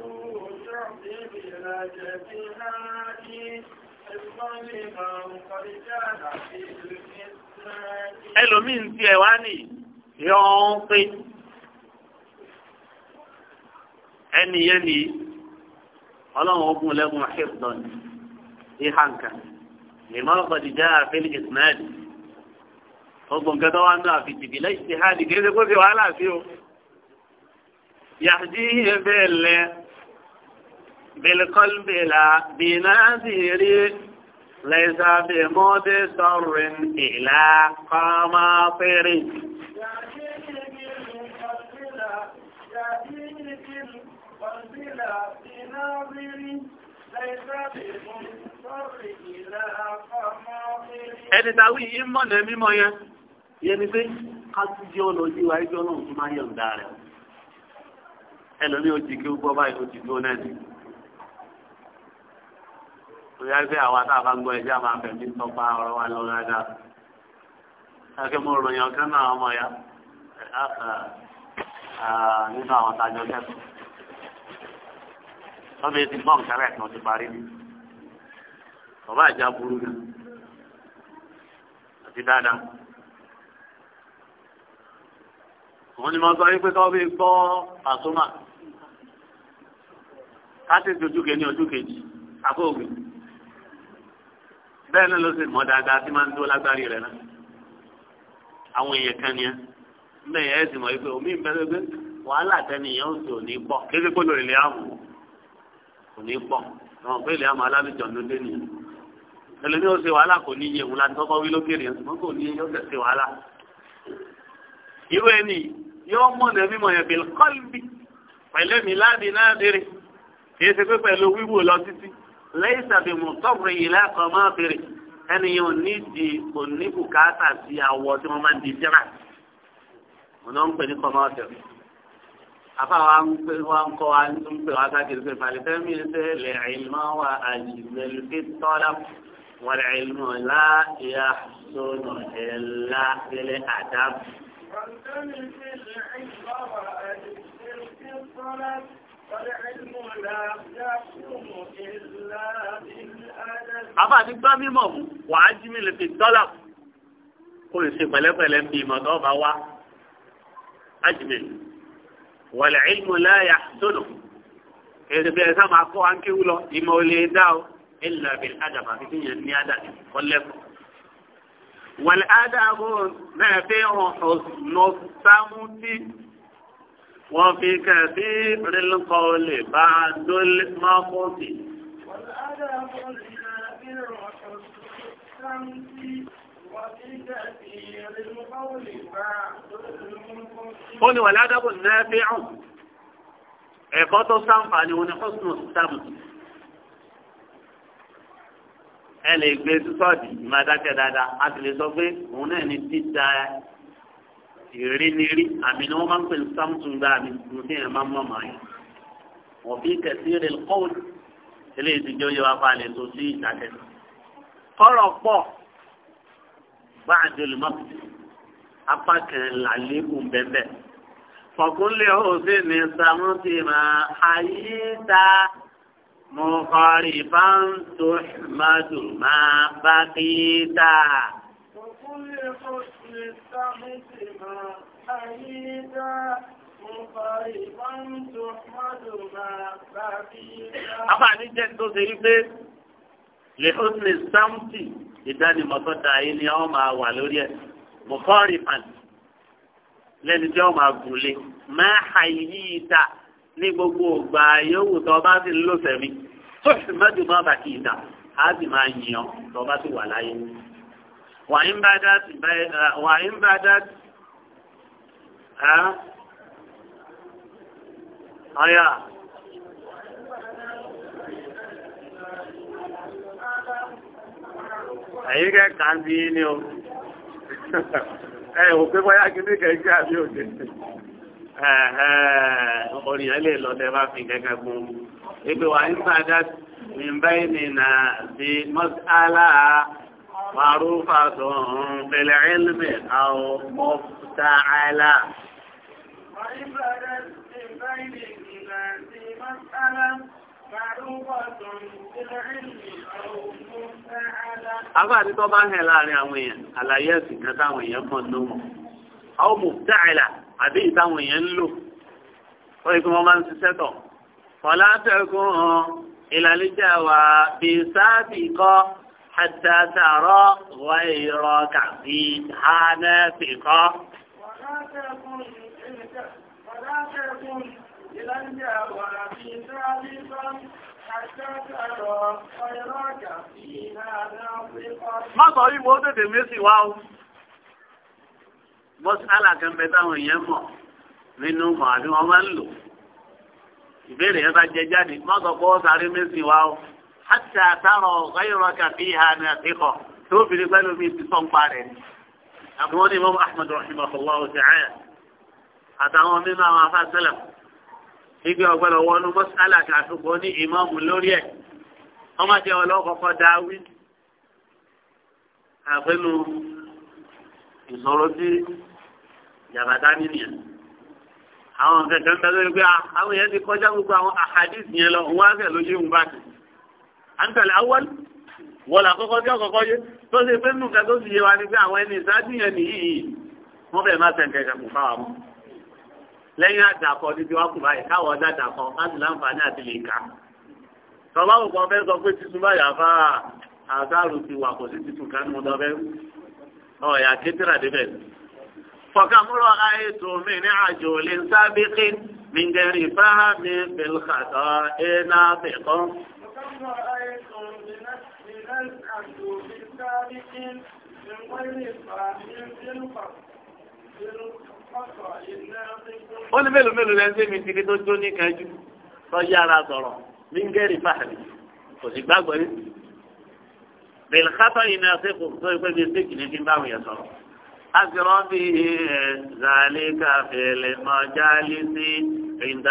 يعطي بلا هاد حفظا لما قد جاء بالإسناد ẹlòmíì ń tiẹ̀ wá nì yọ̀ọ́n pé ẹni yẹn ni ọlọ́run ogun lẹ́gun hifdon ihanka ìmọ̀ràn kọ̀dìjà àfẹ́lẹ́ ìsìnàdì ogun gẹ́gẹ́ wá ń lọ àfìtìbí lẹ́yìn tí hádì gẹ́gẹ́ kó fi wàhálà sí o yàtí ẹgbẹ́ lẹ bẹ̀lẹ́kọ́lù bẹ̀là bìnnà sí rí. ليس بمد ضر إلى قماطر ẹni tàwí yìí mọ̀ ní mímọ̀ yẹn yẹni pé káàtì jẹ́ ọ̀nà ojú wa ẹjọ́ náà tó máa yọ̀ǹda rẹ̀ ẹlòmí ojì kí ó gbọ́ báyìí ojì tó náà nìyí. òyà gbé àwa tá a bá gbọ́ ẹja máa fẹ̀mí tọ́pa ọ̀rọ̀ wa lọ dáadáa. Ẹgbẹ́ mo ròyìn ọ̀kan náà ọmọ ya nínú àwọn tajọ kẹ́kọ̀ọ́. Lọ́bẹ̀ ti gbọ́ nǹkan kan ti parí ni. Bàbá ìjà burú ni. Àti dáadáa. Òun ni mo sọ wípé kọ́ gbọ́ àsomà. Ká sì dojú kejì ojú kejì. bẹ́ẹ̀ náà ló sì mọ̀ dáadáa tí máa ń dúró lágbárí rẹ̀ náà àwọn èèyàn kan ni ẹ mbẹ yẹn ti mọ̀ pé omi ìbẹ̀rẹ̀ pé wàhálà tẹ́ni yẹn ó sì ò ní pọ̀ kéde kó lórí ilé àmù kò ní pọ̀ àwọn pé ilé àmù alábìjọ ló dé nìyẹn ẹlẹ́ni ó ṣe wàhálà kò ní yẹ láti kọ́kọ́ wí lókèrè yẹn ṣùgbọ́n kò ní yẹ yóò ṣe wàhálà. irú ẹni yóò mọ̀ ní mímọ̀ yẹn pẹ̀lú kọ́lbì pẹ̀lú ẹ̀mí láàdínláàdínrín kì í ṣe pé pẹ̀lú wíwò lọ títí lẹ́yìn sàbí mùtọ́bùrì ìlà kọ́mọ́bìrì ẹnìyàn òní di òní bùkátà sí àwọ̀ tí wọ́n máa ń di jẹ́rà wọn náà ń pè ní kọ́mọ́bìrì afáwa ń pè wá ń kọ́ wa ń pè wá káàkiri pé fàlìfẹ́mi ṣe lè ìlmọ́ wa àjùmẹ̀lùfẹ́ tọ́lá wal ilmu la yahsunu illa bil adab. fàlìfẹ́mi ṣe lè ìlmọ́ wa àjùmẹ̀lùfẹ́ tọ́lá àbá ní gbá mímọ̀ mú wàá jí mi lè fi dọ́là kó lè ṣe pẹ̀lẹ́pẹ̀lẹ́ bí ìmọ̀ tó bá wá ájìmí wàlẹ̀ ìlmù láyà tónù èdè bẹ̀rẹ̀ sáà máa kọ́ ankéwú lọ ìmọ̀ ò dá o ìlà bí àdàbà fi yẹn ní àdàbà kọ́lẹ́kọ̀ọ́ wàlẹ̀ àdàbò náà fi hàn ọ̀sán sámú وفي كثير القول بعد المقت والأدب لنا بالرسل السمت وفي كثير القول بعد المقت قل والأدب النافع ẹ̀kọ́ tó sáǹfààní wọn ni hosnú sábùtù ẹ lè gbé sísọ́ọ̀dì ìmọ̀ adákẹ́ dáadáa ìrírí àmì ni wọ́n máa ń pè ní samson gba àmì tuntun tí yẹn máa ń mọ̀ màá yẹn wọ́n fi kẹ̀sí rẹ̀ kọ́ọ̀d eléyìí ti jẹ́ oyè wa fa lè tó sí ìdákẹ́ kọ́rọ̀ pọ̀ bá a jòlè mọ́ apá kan làlékún bẹ́ẹ̀ fọkúnlẹ̀ òsè ní samson máa ayé ta mọ̀kọ́rì bá ń tó bá kí ta. لحسن السمس ما حيدا مقربا تحمد ما بقيدا أفعني لحسن السمس ìdánimọ̀ tó da yìí ni ọ máa wà lórí ẹ̀ mọ̀kọ́rì pan lẹ́ni tí ọ máa gùnlé máa ha yìí ta ní gbogbo ògbà yòówù tó bá ti lò sẹ́mi tó sì mẹ́tò má bàtì ìta á sì máa yìn ọ́ tó bá ti wà láyé. وإن بدت بين وإن بدت ها هيا ẹ̀yìn kẹ́ kà ń bí ní o ẹ̀yìn òpé bọ́yá kí ní kẹ́ gbé àbí òjò ẹ̀ẹ̀ oríyàn lè lọ tẹ́ bá fi kẹ́kẹ́ gún un ẹgbẹ́ wà ń bá dá ìbẹ́ ìnìyàn sí mọ́sálàá معروفة بالعلم أو مفتعلة وعبارة بين الناس مسألة Àbáàdé tó bá ń hẹ̀ láàrin àwọn èèyàn, àlàyé ẹ̀sìn kan táwọn èèyàn kan ló mọ̀. A ó mú dáìlà àbí ìtàwọn èèyàn lò. Ó yẹ kí máa ń ṣiṣẹ́ tọ̀. Ọ̀lá tẹ̀kùn ìlàlíjà wà bí sáàbì kọ́ حتى ترى غيرك في حنفقة ولا تكن ولا تكن للأنبياء ولا في ذلك Má sọ yí mo tètè méjì wá o. Bọ́sálà kẹ́mbẹ́ táwọn èèyàn mọ̀ nínú màálù wọn máa ń lò. Ìbéèrè yẹn bá jẹ jáde, má sọ pé sáré méjì wá o àti àtàrọ̀ ọ̀gáyọ̀rọ̀ kàbí ìhànà àtìkọ̀ tó bìrì pẹ̀lú mi ti sọ́n parẹ̀ ni. àbúrò ní imam ahmed rahimahullah ta'ala àtàwọn nínú àwọn afásẹ́lẹ̀ ibi ọ̀gbẹ́lọ̀ wọnú mọ́sálà kàtúkọ̀ ní imam lórí ẹ̀ wọ́n má jẹ́ ọlọ́kọ̀ọ́kọ́ dáwí àfẹnu ìṣòro tí jàbàtà nìyẹn àwọn kẹ̀kẹ́ ń bẹ lórí pé àwọn yẹn ti kọjá gbogbo àwọn àhàdìsì yẹn lọ òun wá fẹ́ lójú ìhun àǹtàlẹ̀ awọ́l wọ́n là kọ́kọ́ tí ọkọ̀kọ́ yé tó ṣe pé nùkà tó sì yé wa ni pé àwọn ẹni ìsáájú yẹn nìyí wọ́n fẹ́ẹ̀ má sẹ̀ǹkẹ̀ kẹ̀kù fáwọn mọ́ lẹ́yìn àdàkọ́ ní ti wá kù báyìí káwọ́ ọjà àdàkọ́ láti láǹfààní àti lè kà tọ́lá òkú ọbẹ̀ sọ pé titun báyà fà àtàrù ti wà kò sí titun kan mú lọ́bẹ̀ ọ̀yà kétìrà débẹ̀ fọkàmúrọ̀ àìsùn mi ní àjò lè sábẹ́kì رأيتم لنفسنا أتوا بالسابقين من غير فاهم في الفصل ó ní mélòó mélòó lẹ́sẹ̀ mi ti rí tó jó ní kanjú tó yára sọ̀rọ̀ mingeri fahari kò sì gbàgbọ́ yìí bẹ̀rẹ̀ kátó yìí ni a tó ìpè bíi ṣéèkì ní bí báwọn yẹn sọ̀rọ̀. أجربه ذلك في المجالس عند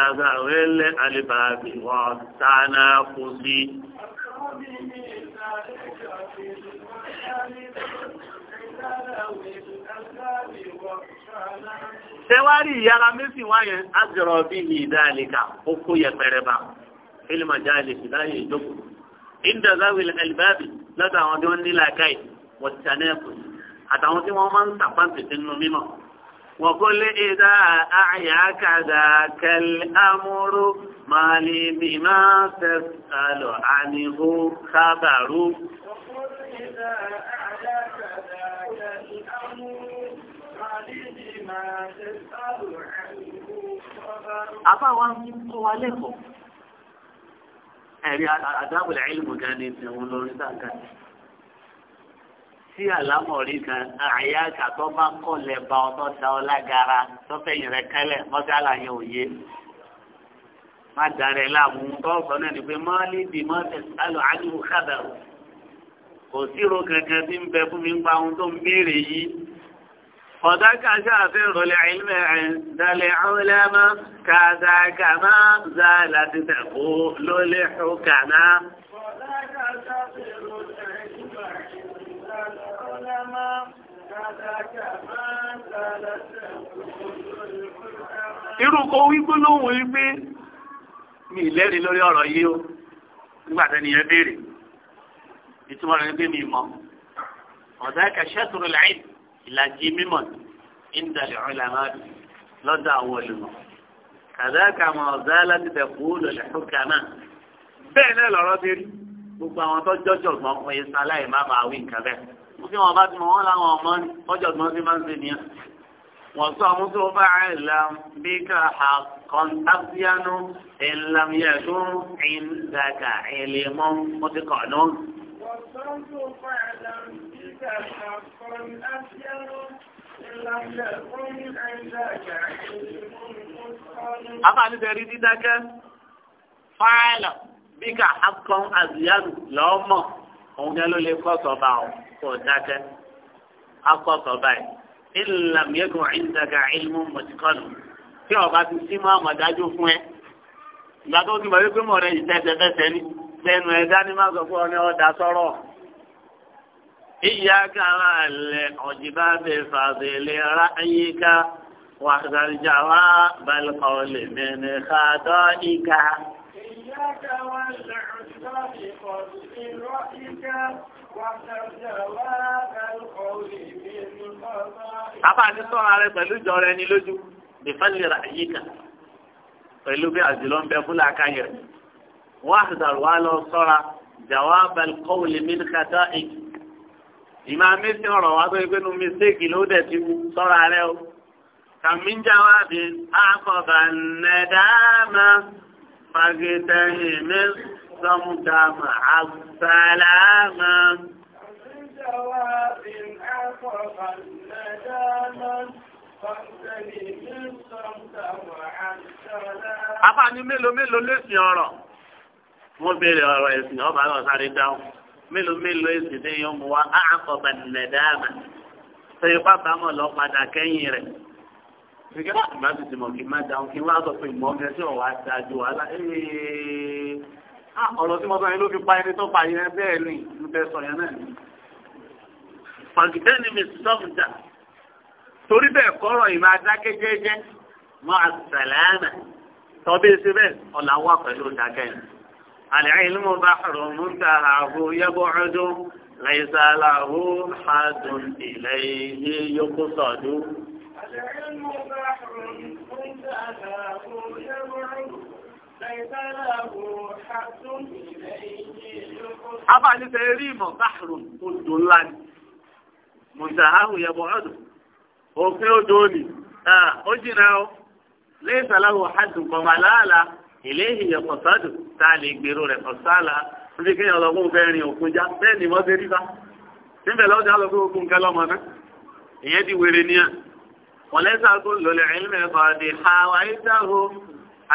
ذوي الألباب والتنافس sẹwárì ìyára méjì wáyé azọrọbí ní ìdáàlíkà ó kó yẹpẹrẹ bá fílímù jáde ìdáyé ìjókòó ìdàgbàwìlì ẹlẹbàbì lọ́dọ̀ àwọn tí wọn nílà àtàwọn tí wọ́n máa ń tàpáǹtì sínú mímọ́. wọ́n kó lé ìdá àyàkàdà kẹlẹ́ amúrú màálì bímá tẹ̀sálọ̀ àníhó kábàrú. Àbá wa ń kọ́ wa lẹ́kọ̀ọ́. Ẹ̀rí àdábòlẹ̀ ìlú gan ni ìsìn lórí sáà tí àlámọ̀rí kan àyà kàtọ́ bá kọ́ lẹ̀ bá ọtọ́ ta ọ lágara sọ́fẹ̀yìn rẹ kẹ́lẹ̀ mọ́sálà yẹn ò yé má darẹ̀ láàmú tọ́ọ̀sọ náà ni pé mọ́lí bí mọ́tẹ̀sí alọ́ àdúgbò kábàrò kò síro kankan tí ń bẹ fún mi ń pa ohun tó ń béèrè yìí ọ̀dáka ṣáàfẹ́ ìrọ̀lẹ́ àìlẹ́ àìdálẹ̀ ọ̀lẹ́mọ́ kàdàkà máa zà láti tẹ̀kọ́ irú kó wígbó lóhùn wípé mi ìlẹ́rìí lórí ọ̀rọ̀ yìí o nígbà tẹ́ni yẹn béèrè ìtumọ̀ rẹ̀ gbé mi mọ́ ọ̀dà kẹsẹ́ tóró láì ìlàjì mímọ̀ ìdàlẹ̀ ọ̀làmá lọ́dọ̀ àwọn olùmọ̀ kàdáàkà mọ̀ ọ̀dà láti bẹ̀kú lọ́lẹ̀ fúnkà náà bẹ́ẹ̀ náà lọ́rọ́ bí gbogbo àwọn tó jọ́jọ́ gbọ́n fún sáláì má máa wí nǹkan bẹ́ẹ̀. tí wọ́n bá ti mọ̀ wọ́n láwọn ọmọ ni ọjọ́ tí wọ́n ti máa ń ṣe nìyẹn. wọ́n sọ mú tó bá ìlàm bí ká àkọ́ntàbíyánú ìlàm yẹ tó ń dàgà ìlèmọ́ ó ti kọ̀ nù. wọ́n so àwọn mú ẹ tó bá ìlàm bí ká àkọ́ntàbíyánú Àfààní tẹ̀rí dídákẹ́ fáìlà bí ká àkọ́ntàbíyánú lọ́mọ̀. òun kẹ́ ló lè kọ́sọ̀ bá ọ kò dákẹ́ akọ́sọ̀ báyìí ìlànà yẹ́kùn ìdàgà ìlmú mọ̀tíkọ́nù tí ọba ti sí mọ́ àmọ̀dájú fún ẹ ìgbà tó ti mọ̀ wípé mọ̀ rẹ ìtẹ́tẹ́fẹ́sẹ́ ní lẹ́nu ẹ̀dá ní má sọ fún ọ ní ọ̀dà sọ̀rọ̀ إياك وعلى عجباب فضل رأيك واحذر جواب القول من خطائك إياك والعسرى بقصد رأيك وتجواب القول بالقضاء أبعد الصورة على pẹ̀lú جوراني lójú بفضل رأيك pẹ̀lú bí àjùlọ ń bẹ fúlà káyẹ̀ wọ́n àdàrú wa lọ sọ́ra jawab al-qawl min khata'ik ìmọ̀ amẹ́sí ọ̀rọ̀ wa tó ẹgbẹ́ nu mistake ló dẹ̀ ti sọ́ra rẹ o kàmíjà wa bí akọ̀bà nẹ̀dáàmà fagitẹ́yìn mi sọ́mùdà máa sálámà. جواب عقب الندامة Apá ni mélòó mélòó lèsì ọ̀rọ̀? Wọ́n béèrè ọ̀rọ̀ ẹ̀sìn ọba náà sáré dáhùn. Mélòó mélòó èsì ní yọmùwá àkọ́bà nìlẹ̀ dáàmà. Ṣé ipá bámọ̀ lọ padà kẹ́yìn rẹ̀? Fìgẹ́ ìgbà tó ti mọ̀ kí n má dáhùn kí n wá sọ pé ìmọ̀ ọ̀gẹ́ tí ọ̀wá ti àjò wàhálà ee. Eh, ah, ọ̀rọ̀ tí mo sọ yẹn ló fi pa ẹni tó pa yẹn bẹ́ẹ̀ ni ń fẹ́ sọ yẹn náà ni. Fàgìtẹ́ ni Mr. Sọ́fìjà torí bẹ́ẹ̀ kọ́rọ̀ ìmọ̀ adákẹ́ jẹ́jẹ́ mọ́ àṣàlẹ́mẹ̀ tọ́bí sí bẹ́ẹ̀ ọ̀là wà pẹ̀lú ìdákẹ́ yẹn. Àlẹ́ ìlú bá العلم بحر كنت rí ìmọ̀ báhùrùn odò ńlá ni. Mùsàáhù yẹ̀bọ̀ ọdún. Òfin odò ni. Ó jìnà ó. Lẹ́yìn sàláhù láàlá. sọ́dún. Tá a lè gbèrò rẹ̀ pọ̀ Ó kéèyàn fẹ́ rin òkun já. Bẹ́ẹ̀ ni wọ́n ṣe rí bá. Níbẹ̀ òkun kẹ́lọ́mọ náà. Ìyẹn ti wèrè à. wọlẹ́sà kó lòlẹ̀ ẹ̀lmẹ̀ fàdé àwà ìdáhù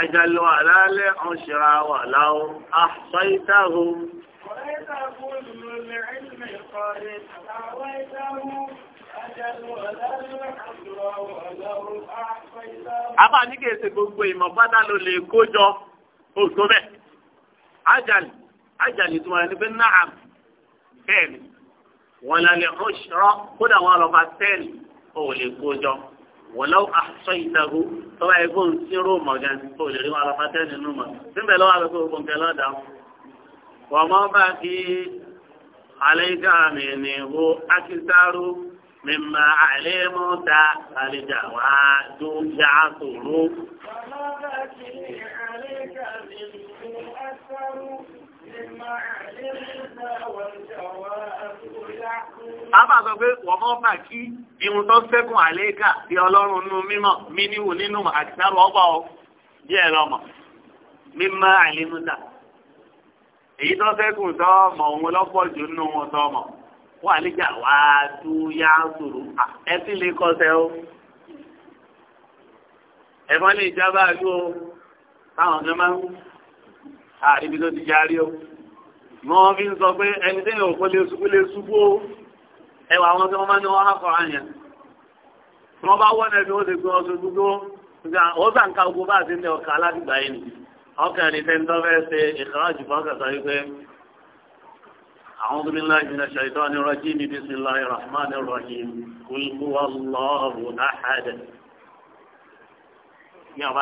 àjàlò àlálẹ̀ ọ̀ṣẹ̀ra wà láwọ́ àṣọ ìdáhù. wọlẹ́sà kó lòlẹ̀ ẹ̀lmẹ̀ fàdé àwà ìdáhù àjàlò àlálẹ̀ ọ̀ṣẹ̀ra wà láwọ́ àṣọ ìdáhù. àbá ní kí èsì gbogbo ìmọ̀ pátá ló lè kó jọ òṣò bẹ́ẹ̀ àjàlì àjàlì tó wà ní náà bẹ́ẹ̀ ni wọ́n lálẹ́ kódà wọn lọ́ wọ̀lọ́wọ́ àṣọ ìtàgó tó bá ẹgbọ́n sí róòmù ọ̀gá tó lè rí wọn lọ fàtẹ́ nínú mọ̀ síbẹ̀ lọ́wọ́ àbẹ̀kọ́ gbogbo nǹkan lọ́dà wọ́n mọ́ bá kí àlẹ́gà mi ní wo akíntàrú mi mà àlẹ́jà wá tó yá sòrò. wọ́n mọ́ bá kí àlẹ́gà mi ní wo akíntàrú. Àbá sọ pé wọ́n mọ́ bà kí irun tó sẹ́kùn àléékà sí ọlọ́run nínú mímọ̀ mí níwò nínú àtìsáàrù ọgbà ọ bí ọmọ mímọ́ àlémúta. Èyí tó sẹ́kùn tó mọ̀ òun lọ́pọ̀ jù nínú wọn tó mọ̀. Wọ́n àlejà wá tú yá sòrò ẹ sì lè kọsẹ̀ o. Ẹ̀fọn lè jábàá lú o táwọn máa ń wú. àríbi tó ti yarí o mọ wọn fi ń sọ pé ẹni tẹ́ yóò kó lè ṣubú lè ṣubú o ẹwà àwọn tí wọ́n máa ń ní wọn á kọ́ra yẹn tí wọ́n bá wọ́n ẹbí wọ́n ti gbé ọṣù dúdú ó gbà ń ka bá ti ń lẹ ọkà aládìgbà yìí ọkàn ní tẹ́ńtọ́ fẹ́ ṣe ìkàràjù fún ọkàn sáré pé àwọn obìnrin láì jìnà ṣàìtọ́ ní rọ́jí ní bísmìláì rahman rahim kúlùkú wàlọ́ọ̀bù náà ní ọba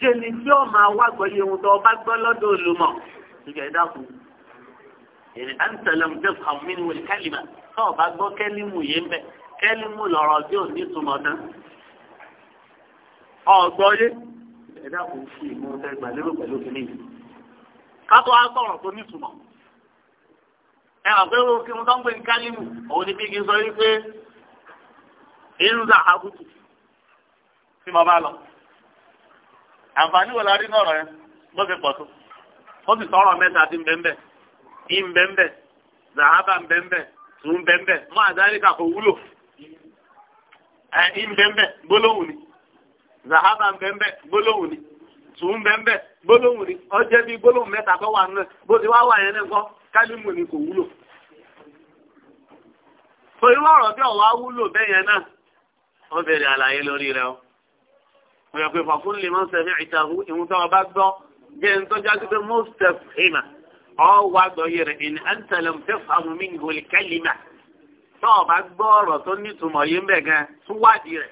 jẹ́ ni tí ó máa wá gbọ́ yẹn tó ọba gbọ́ lọ́dọ̀ olùmọ̀ ìgbà ẹ̀dá kù èrè àǹtẹ̀lẹ̀mù tẹ̀ fà mí ni wòlé kálímà tó ọba gbọ́ kẹ́límù yẹn bẹ̀ kẹ́límù lọ̀rọ̀ tí ò ní túmọ̀ tán ọ̀gbọ́yé ẹ̀dá kù fún ìmọ̀ tẹ́ gbàlérò pẹ̀lú kìnnì kátó á sọ̀rọ̀ tó ní túmọ̀ ẹ wà pé ó kí wọn tó ń pè àǹfààní wò la rí náà rẹ bó ṣe pọ̀ tó ó sì sọ̀rọ̀ mẹ́ta zahaba ń bẹ́ ń bẹ́ tún ń bẹ́ ń bẹ́ mọ́ ni zahaba ń bẹ́ ń bẹ́ gbólóhùn ni tún ń bẹ́ ń bẹ́ gbólóhùn ni bí gbólóhùn mẹ́ta tó wà bó ti wá wà yẹn nìkan kálímù ni kò wúlò. torí wọ́n ọ̀rọ̀ bí ọ̀wá wúlò náà ويقول فكل لمن سمعته ان متعبدا جن تجذب مستفهما او وعد غير ان انت لم تفهم منه الكلمه صعب اكبر وصلني تمايين بك سوادي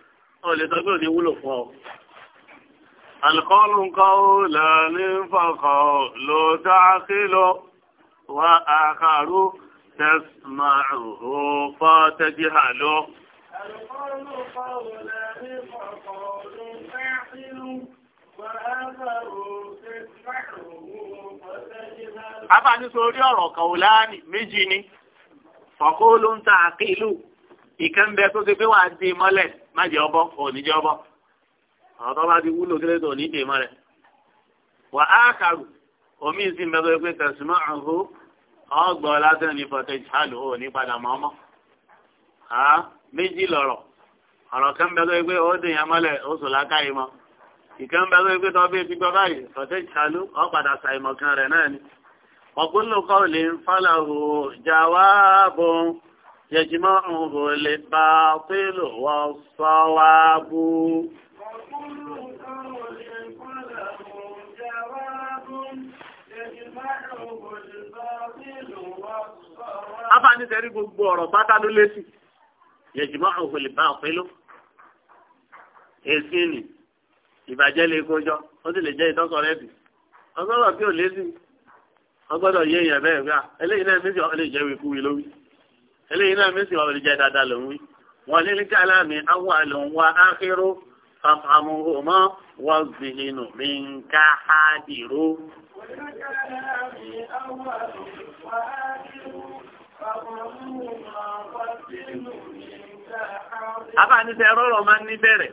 اولي تقول دي ولو فو القول قولا فقول تعقل واخر تسمعه فتجهل القول قولا فقول Àbá ní sórí ọ̀rọ̀ kan ò méjì ni. Ọ̀kọ́ ló ń ta Ìkẹ́ ń bẹ tó ti pé wà á mọ́lẹ̀ má ọbọ̀ òní ọbọ̀. Àwọn tó bá ti wúlò kí lóde òní dé mọ́lẹ̀. Wà á kàrù. Omi bẹ tó pé tẹ̀sùmọ́ àhó. lásán ní padà mọ́ Méjì lọ̀rọ̀. Ọ̀rọ̀ kan bẹ tó pé ó mọ́lẹ̀ ó ìkan bá lórí pé tọ́bí ti gbọ́ báyìí fọ́tẹ́ ìṣàlú ọ̀padà ṣàìmọ̀ kan rẹ̀ náà ni ọ̀gbọ́nlọ́kọ́ lè ń fọ́lá hù jàwáàbò yẹjìmọ́ òhò lè bá pélò wọ́n sọ́wáàbù. afáàní tẹ̀rí gbogbo ọ̀rọ̀ pátá ló lé sí yẹjìmọ́ òhò lè bá pélò èsì nìí ìbàjẹ́ lè kójọ ó sì lè jẹ́ ìtọ́sọ̀rẹ́ bì ọgbọ́dọ̀ kí ò lésì ọgbọ́dọ̀ yé èèyàn bẹ́ẹ̀ gbà ah, eléyìí náà mísì ọ̀rẹ́ lè jẹ́ wí fún wí lówí eléyìí náà mísì ọ̀rẹ́ lè jẹ́ dáadáa lòún wí wọn ní níkà láàmì àwọn àlòun wa áhírò fàfàmù òmọ wọn gbìyànjú mi ń ká hádìró. abánisẹ́ rọrọ̀ máa ń ní bẹ̀rẹ̀.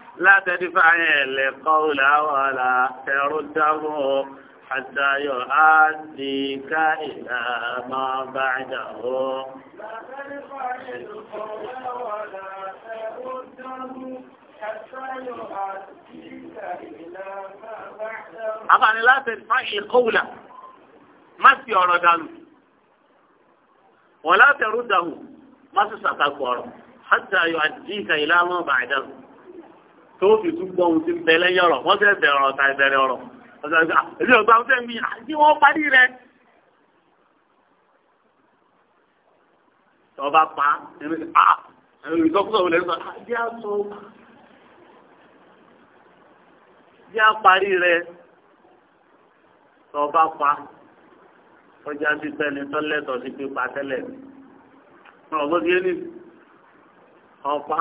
لا تدفع للقول ولا ترده حتى يؤديك إلى ما بعده لا تدفع للقول ولا ترده حتى يؤديك إلى ما بعده لا القول ما في أردان ولا ترده ما تستطيع حتى يؤديك إلى ما بعده tó fi tún ohun tí ń bẹ lẹ́yìn ọ̀rọ̀ wọ́n fẹ́ bẹ̀rẹ̀ ọ̀rọ̀ ìbẹ̀rẹ̀ ọ̀rọ̀ ah, èmi ò ọ̀fẹ́ mi àti wọ́n parí rẹ̀. ọba pa ìtọ́kùsọ̀ ah, wọlé ń sọ àti àtọ́ yá parí rẹ̀ tọba pa ọjà pípẹ́ ni tọ́lẹ̀tọ̀ sí pípa tẹ́lẹ̀ ní ọgbọ́n tí ó ní ọ̀pá.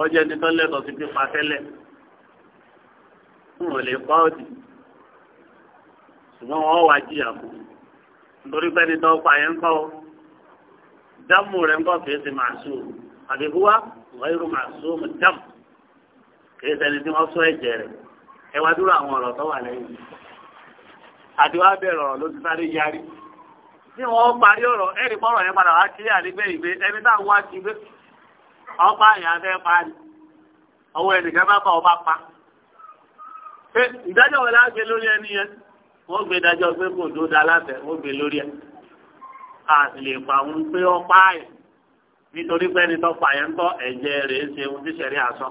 ọjọ́ ẹni tó lẹ́tọ̀ sí pípa tẹ́lẹ̀ fún òlè pọ́ọ̀dì ṣùgbọ́n wọ́n wá jìyà kù nítorí pé ẹni tó pa yẹn kọ́ dámù rẹ̀ ń kìí ṣe màṣú dámù kìí ṣe ẹni tí wọ́n sọ ẹ̀jẹ̀ rẹ̀ ẹ wá dúró àwọn ọ̀rọ̀ tó wà lẹ́yìn àti wá bẹ̀rẹ̀ ọ̀rọ̀ ló ti sáré yarí tí wọ́n parí ọ̀rọ̀ ẹ̀rí yẹn padà wá ẹni ọ̀pá ìyàfẹ́ parí ọwọ́ ẹnìkan bá bá ọba pa. ìdájọ́ wọn láti lórí ẹni yẹn wọ́n gbé dájọ́ pé kò tó da láfẹ̀ wọ́n gbé lórí ẹ̀. a sì lè pa òun pé ọ̀pá ẹ̀ nítorí pé ẹni tó pa yẹn ń tọ́ ẹ̀jẹ̀ rẹ̀ ṣe ohun tíṣẹ̀rí àṣọ.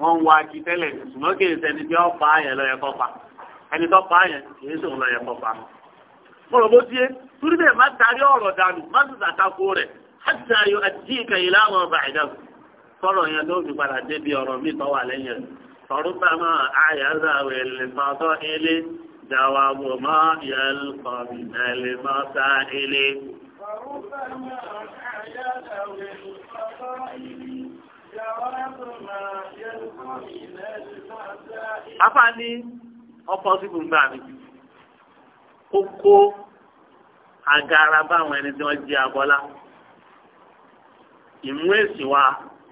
wọ́n ń wa akí tẹ́lẹ̀ ṣùgbọ́n kì í tí ẹni tó pa kì í mo rò bó má darí hàtà yóò àti ìkẹyìlá àwọn ọba àìdá sọ̀rọ̀ yẹn tó fi padà débi ọ̀rọ̀ mi tọ́ wà lẹ́yìn rẹ̀ sọ̀rọ̀ sáma àyàzà wẹ̀lẹ̀ fàtọ́ ilé dàwàbò má yẹlẹ kọ̀ọ̀bì mẹ́lẹ̀ mọ́ sá ilé. sọ̀rọ̀ sáma àyàzà wẹ̀lẹ̀ fàtọ́ ilé dàwàbò má yẹlẹ kọ̀ọ̀bì mẹ́lẹ̀ mọ́ sá ilé. afáàní ìmú èsì wa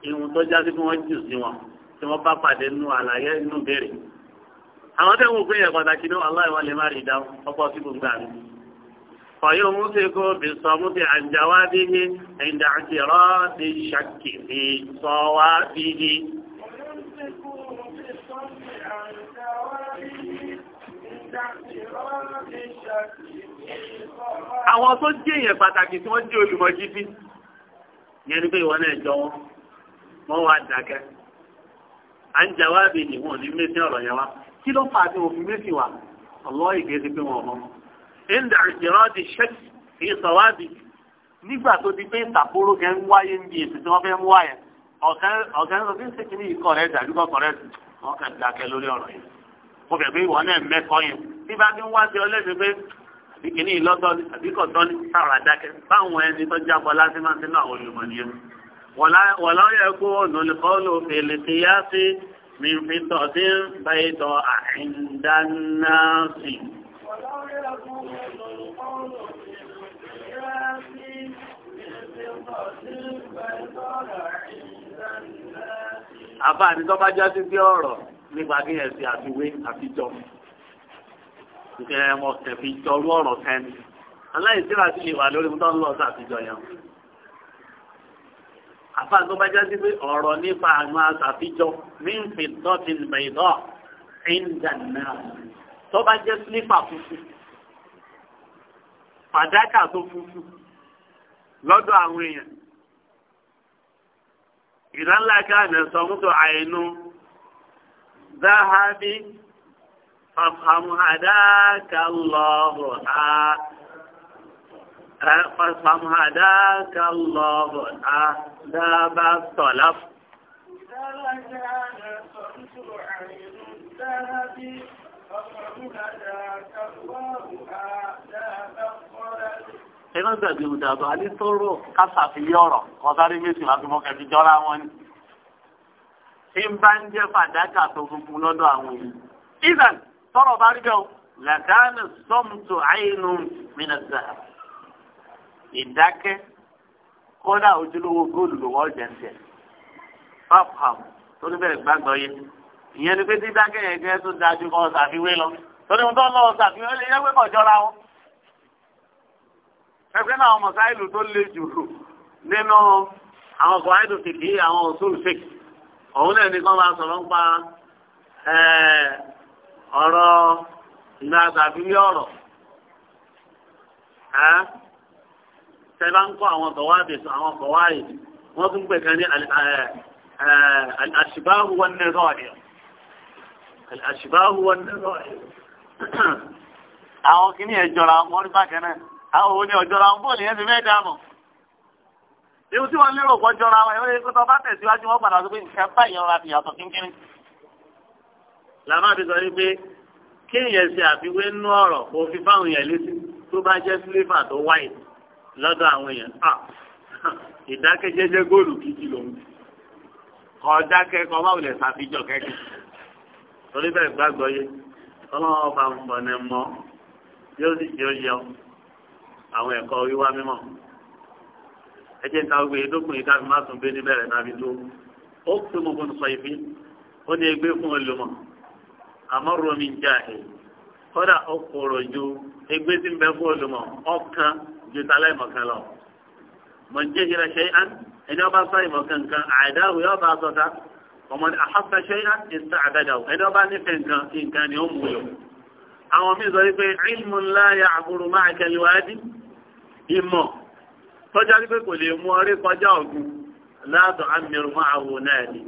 ìhun tó jáde bí wọ́n jù sí wọn tí wọ́n bá pàdé nínú àlàyé inú béèrè. àwọn tẹ́wọ̀n òfin yẹn pàtàkì ní wàhálà ìwà lè má rí ìdáhùn ọkọ̀ sí gbogbo àná. fọyọ́ mùsíkò bí sọ mùsí àjàwá bíi ẹ̀ǹdà àti rọ́ọ̀dì ṣàkì bí sọ wá bíi. àwọn tó jẹ́ èèyàn pàtàkì tí wọ́n jẹ́ olùmọ̀ gidi yẹn ni pé ìwọ náà jọ wọn wọn wá dákẹ́ à ń jà wáàbí ni wọn ní mí sí yẹn wá kí ló fà á tí mo fi mí sí wa ọlọ́ ìgbésí pé wọn mọ́ ń dà ìṣẹ̀rọ̀ ti ṣẹ́kì kì í sọ wáàbí nígbà tó di pé ìtàkóró kẹ́ ń wáyé ń èsì tí wọ́n fẹ́ mú wáyà ọ̀kẹ́ ń sọ fí ń sèkì ní ikọ̀ rẹ̀ dàbí kọ̀ọ̀kan rẹ̀ wọ́n kàn lórí ọ̀rọ̀ yìí mo fẹ́ pé ìwọ náà mẹ́kọ́ ìkíní ìlọ́tọ́ ni àbíkọ̀tọ́ ni sára dákẹ́ báwọn ẹni tó jábọ̀ láti máa ti náà olùmọ̀ nìyẹn wọ̀lá yẹ kó nùlùkọ́lù fèlè ti yá sí mìfìtọ̀ sí bẹ́ẹ̀tọ̀ àìndánáàsì. àbá àti tó bá sí ọ̀rọ̀ nípa kí ẹ̀ àfiwé àfijọ́ ìfẹ́ ẹmọ jọrú ọ̀rọ̀ sẹ́ni aláìsíra sì lè lórí mú tọ́lọ́ sàfijọ yẹn àfa tó bá jáde pé ọ̀rọ̀ nípa àwọn àsàfijọ mímfì dọ́tì bẹ̀dọ̀ ìndànà tó bá jẹ́ sílípà funfun fàdákà tó funfun lọ́dọ̀ àwọn èèyàn ìdánlákà nà sọmútò àìnú záhábí. فافهم هداك الله ها فافهم هداك الله ها باب الطلب ẹgbẹ́ gbàgbé ìdàgbà alítọ́rọ̀ kásàfihàn ọ̀rọ̀ kọ́sáré méjì láti mọ́kẹ́ fi jọra wọn ni. tí ń bá ń jẹ́ fàdákà tó funfun lọ́dọ̀ àwọn èèyàn. ìdàgbà tọrọ bá rí bẹ́ẹ̀ o làkàánù sọ́mùtò àyínú mìnàtà ìdákẹ́ kódà ojúlówó góòlù ló wọ́n jẹ́ ńtẹ̀ fáfàm tó ní bẹ́ẹ̀ gbàgbọ́ yé ìyẹn ni pé dídákẹ́ yẹn jẹ́ tó dájú kọ́ ṣàfiwé lọ torí wọn tó lọ ṣàfihàn lè yẹ pé kò jọra wọn. ẹgbẹ́ náà ọmọ sáìlù tó le jù nínú àwọn ọkọ̀ àìdùn kìkì àwọn òṣùlù fèkì òun náà ní kán máa sọ̀rọ̀ ń pa ọ̀rọ̀ ìlú àgbàbílẹ̀ ọ̀rọ̀ ẹ́ àwọn bọ̀wáàdì àwọn bọ̀wáàdì wọ́n tún pè ní àṣìbáhù wọn ní rọ́ọ̀dì àṣìbáhù wọn ní rọ́ọ̀dì àwọn rí bákan náà àwọn òun ni ọ̀jọ̀ra wọn bọ́ọ̀lù yẹn ti fẹ́ dààmú tí wọ́n lérò pọ́jọ́ra wọn ẹ̀wọ́n lè kó bá tẹ̀síwájú wọn padà sọ pé nǹkan báyìí ọ̀rọ̀ àti ìyàtọ̀ kínkínní làbá ti sọ wípé kéèyàn ṣe àfiwé nú ọ̀rọ̀ òfin fáwọn èèyàn létí tó bá jẹ́ sílífà tó wáyé lọ́dọ̀ àwọn èèyàn ìdákẹ́jẹ́jẹ́ góòlù kìkì lòun kọjá kẹ́kọ̀ọ́ báwo lè ṣàfihàn kẹ́kẹ́ torí bẹ́ẹ̀ gbàgbọ́ yé ọlọ́wọ́ bá ń bọ̀ ní mọ́ yóò sì ṣe ó yọ àwọn ẹ̀kọ́ wíwá mímọ́ ẹ jẹ́ ká gbé edókùnrin káfí má tún bẹ́ẹ̀ níbẹ̀rẹ̀ tàbí tó ó tún mọ́ bó ń sọ ìfín ó ní ẹgbẹ́ fún olùmọ̀ àmọ́rò mi jà ẹ̀ kódà ó kúrò ju ẹgbẹ́ tí ń bẹ fún olùmọ̀ ọ̀kan ju tálẹ̀ mọ̀kan lọ. mọ̀ ń jẹ́ ìrẹ̀ ṣe án ẹni ọba sọ ìmọ̀kan kan àìdáwò yóò bá sọ ta ọmọ ni àhọ́sọ ṣe án ìsọ àdájà ẹni ọba nífẹ̀ẹ́ nǹkan nǹkan ni ó mú yọ. àwọn míì sọ wípé ilmu ńlá ya àbúrò máa kẹlẹ̀ wáyé ìmọ̀ tọ́já wípé kò lè mú ọrí kọjá ọ̀gùn látọ̀ àmì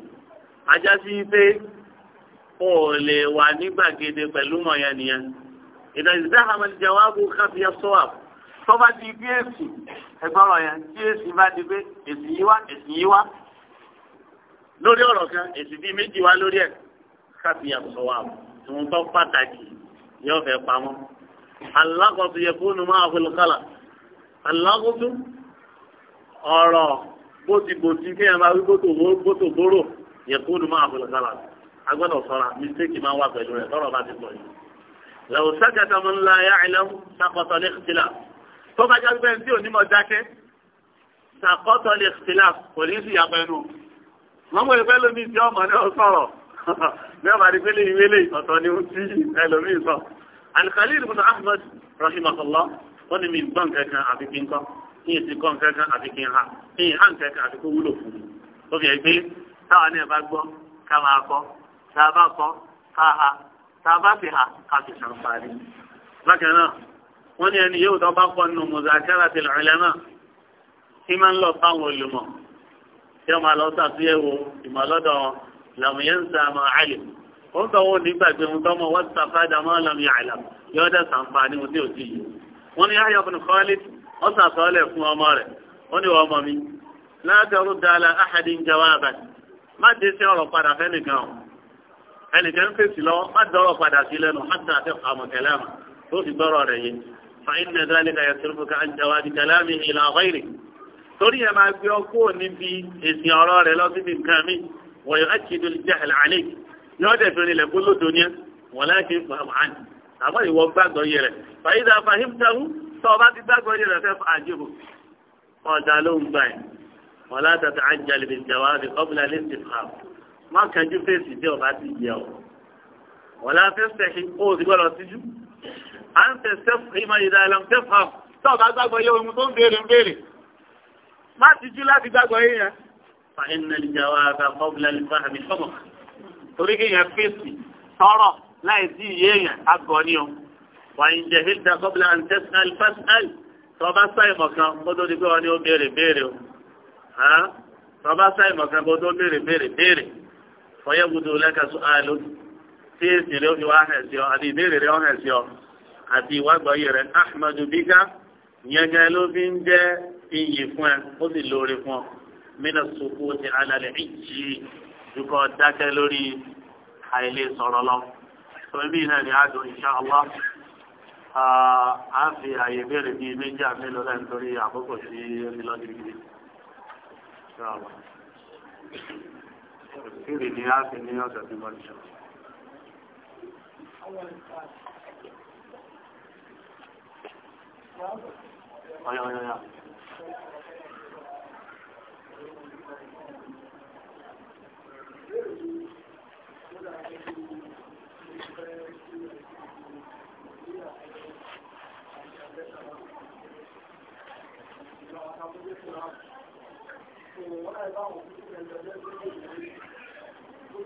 o lè wà ní gbàgede pẹ̀lú mọ̀yàn nìyẹn ìdàgbàsá àmàlì jawabu káfíà sọ́wà tọ́ba di bí èsì ẹgbọ́rọ̀ yẹn tí èsì bá di pé èsì yìí wá èsì yìí wá lórí ọ̀rọ̀ kan èsì bíi méjì wá lórí ẹ̀ káfíà sọ́wà ìwọ̀n tó pàtàkì yóò fẹ́ pamọ́ alákòóso yẹ fóònù máa fọlọ́ kálá alákòóso ọ̀rọ̀ bótibóti kéèyàn máa wí bótòbóró yẹ fóònù máa fọlọ́ kálá agbọ́dọ̀ sọ́ra mistake máa wà pẹ̀lú rẹ̀ tọ́rọ̀ bá ti pọ̀ yìí. lẹ́wọ̀n sẹ́kẹ̀tà mú ńlá ayá ìlẹ́hùn sàkọ́tọ̀ lè ṣìlá tó bá jáde bẹ́ẹ̀ tí onímọ̀ dákẹ́ sàkọ́tọ̀ lè ṣìlá kò ní sí ìyàpẹ́ nù. mọ́mọ́ ìfẹ́ lómi tí ọmọ náà sọ̀rọ̀ bẹ́ẹ̀ bá di pé léyìn wélé ọ̀tọ̀ ni ó ti ẹlòmíì sọ. Al-Khalil ibn Ahmad rahimahullah wọ́n ní mi gbọ́n kankan àfi kí n kọ́ kí n sì kọ́ kankan àfi kí n ha kí n ha kankan àfi kó wúlò fún mi. ó fi ẹ̀ pé táwa náà bá gbọ́ ká máa kọ́ tá a bá kọ́ ha fi ha ká fi ṣàǹfààní. bákan náà wọ́n ní ẹni yóò tó bá kọ́ nínú mùsàkárà tìlù ìlẹ́mà tí máa ń lọ fáwọn olùmọ̀ tí wọ́n máa lọ sàtúnyẹ̀wò ìmọ̀lọ́dọ̀ wọn làmúyẹ́nsà máa àlè ó ń tọ́wọ́ nígbàgbé ohun tọ́mọ wọ́n ti sàfádà máa lọ́mí àlà yóò dẹ̀ sàǹfààní ohun tí ò sí yìí wọ́n ní ayọ̀ fún khalid ó sàtọ́lẹ̀ fún ọmọ rẹ̀ ó má dé sí ọ̀rọ̀ padà fẹ́nìkan ẹnìkan fèsì lọ má dọ́rọ̀ padà sí lẹ́nu hàtà àti àmọ̀ kẹlẹ́mà tó fi gbọ́rọ̀ rẹ̀ yé fàyín nà dálé ka yẹtùrú fún ká àjàwá di kẹlẹ́mì ìlà ọ̀gáyìrì torí ẹ̀ máa gbé ọkọ̀ níbi èsì ọ̀rọ̀ rẹ̀ lọ síbi nǹkan mi wọ́n yóò ẹ̀kí dùn jẹ́ ẹ̀lẹ́ àlẹ́ yóò dẹ̀ fi rinlẹ̀ kó lódò ní ẹ̀ wọ́n láti má kẹjú fèsì tí ọba ti yẹ ọ wọn la fẹ sẹkì kó o ti gbọ́dọ̀ síjú à ń tẹ sẹfù ìmọ̀ ìdá ẹlẹm sẹfù àwọn tí ọba gbàgbọ́ yẹ ohun tó ń béèrè ń béèrè má tijú láti gbàgbọ́ yẹ yẹn. fa iná lè jáwá ká fọ́bùlà lè fa àmì sọ́mọ̀ torí kí yẹn fèsì tọrọ láì sí iye yẹn àgọ́ ni o wà ń jẹ hilda fọ́bùlà ń tẹ̀sán alifásitì tọba sáìmọ̀ kan kó tó di pé wọn ni ó béèrè béèrè o tọba sáìmọ̀ kan kó béèrè béèrè béèrè fọyẹ́ gbọdọ̀ lẹ́kẹ̀sọ́ àlọ́ tí èsì rẹ̀ ó fi wá hẹ̀ sí ọ àti ìbéèrè rẹ̀ ó hẹ̀ sí ọ àti ìwágbọ̀ọ́yẹ rẹ̀ ahmadu bika yẹn gẹ́gẹ́ ló fi ń jẹ́ iyì fún ẹ ó sì lóore fún ọ mina soko ti alalẹ̀ ìjì dukọ̀ dákẹ́ lórí àìlè sọ̀rọ̀ lọ. sọ̀rọ̀ bíi náà ni a dùn insha Allah a fi àyè béèrè bíi méjì àmì lọ́la nítorí àkókò sí omi lọ́dún yìí ìrìn ni a fi ní ọ̀sẹ̀ tí mo jù. Ọ̀yọ̀yọ̀yọ̀. Thank you.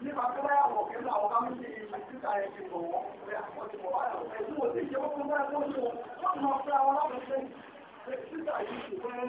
Nípa tó bá yàwó kí ló àwọn bá ń ṣe ìgbésíta ẹ̀ ti bọ̀ wọ́n, ẹ̀yà pọ̀ ti bọ̀ wáyọ̀, ẹ̀dùn òsì ìjẹ́wọ́ tó bá yàwó ṣe wọ́n, wọ́n mọ̀ fún àwọn aláwọ̀ ṣe ìgbésíta yìí ṣùgbọ́n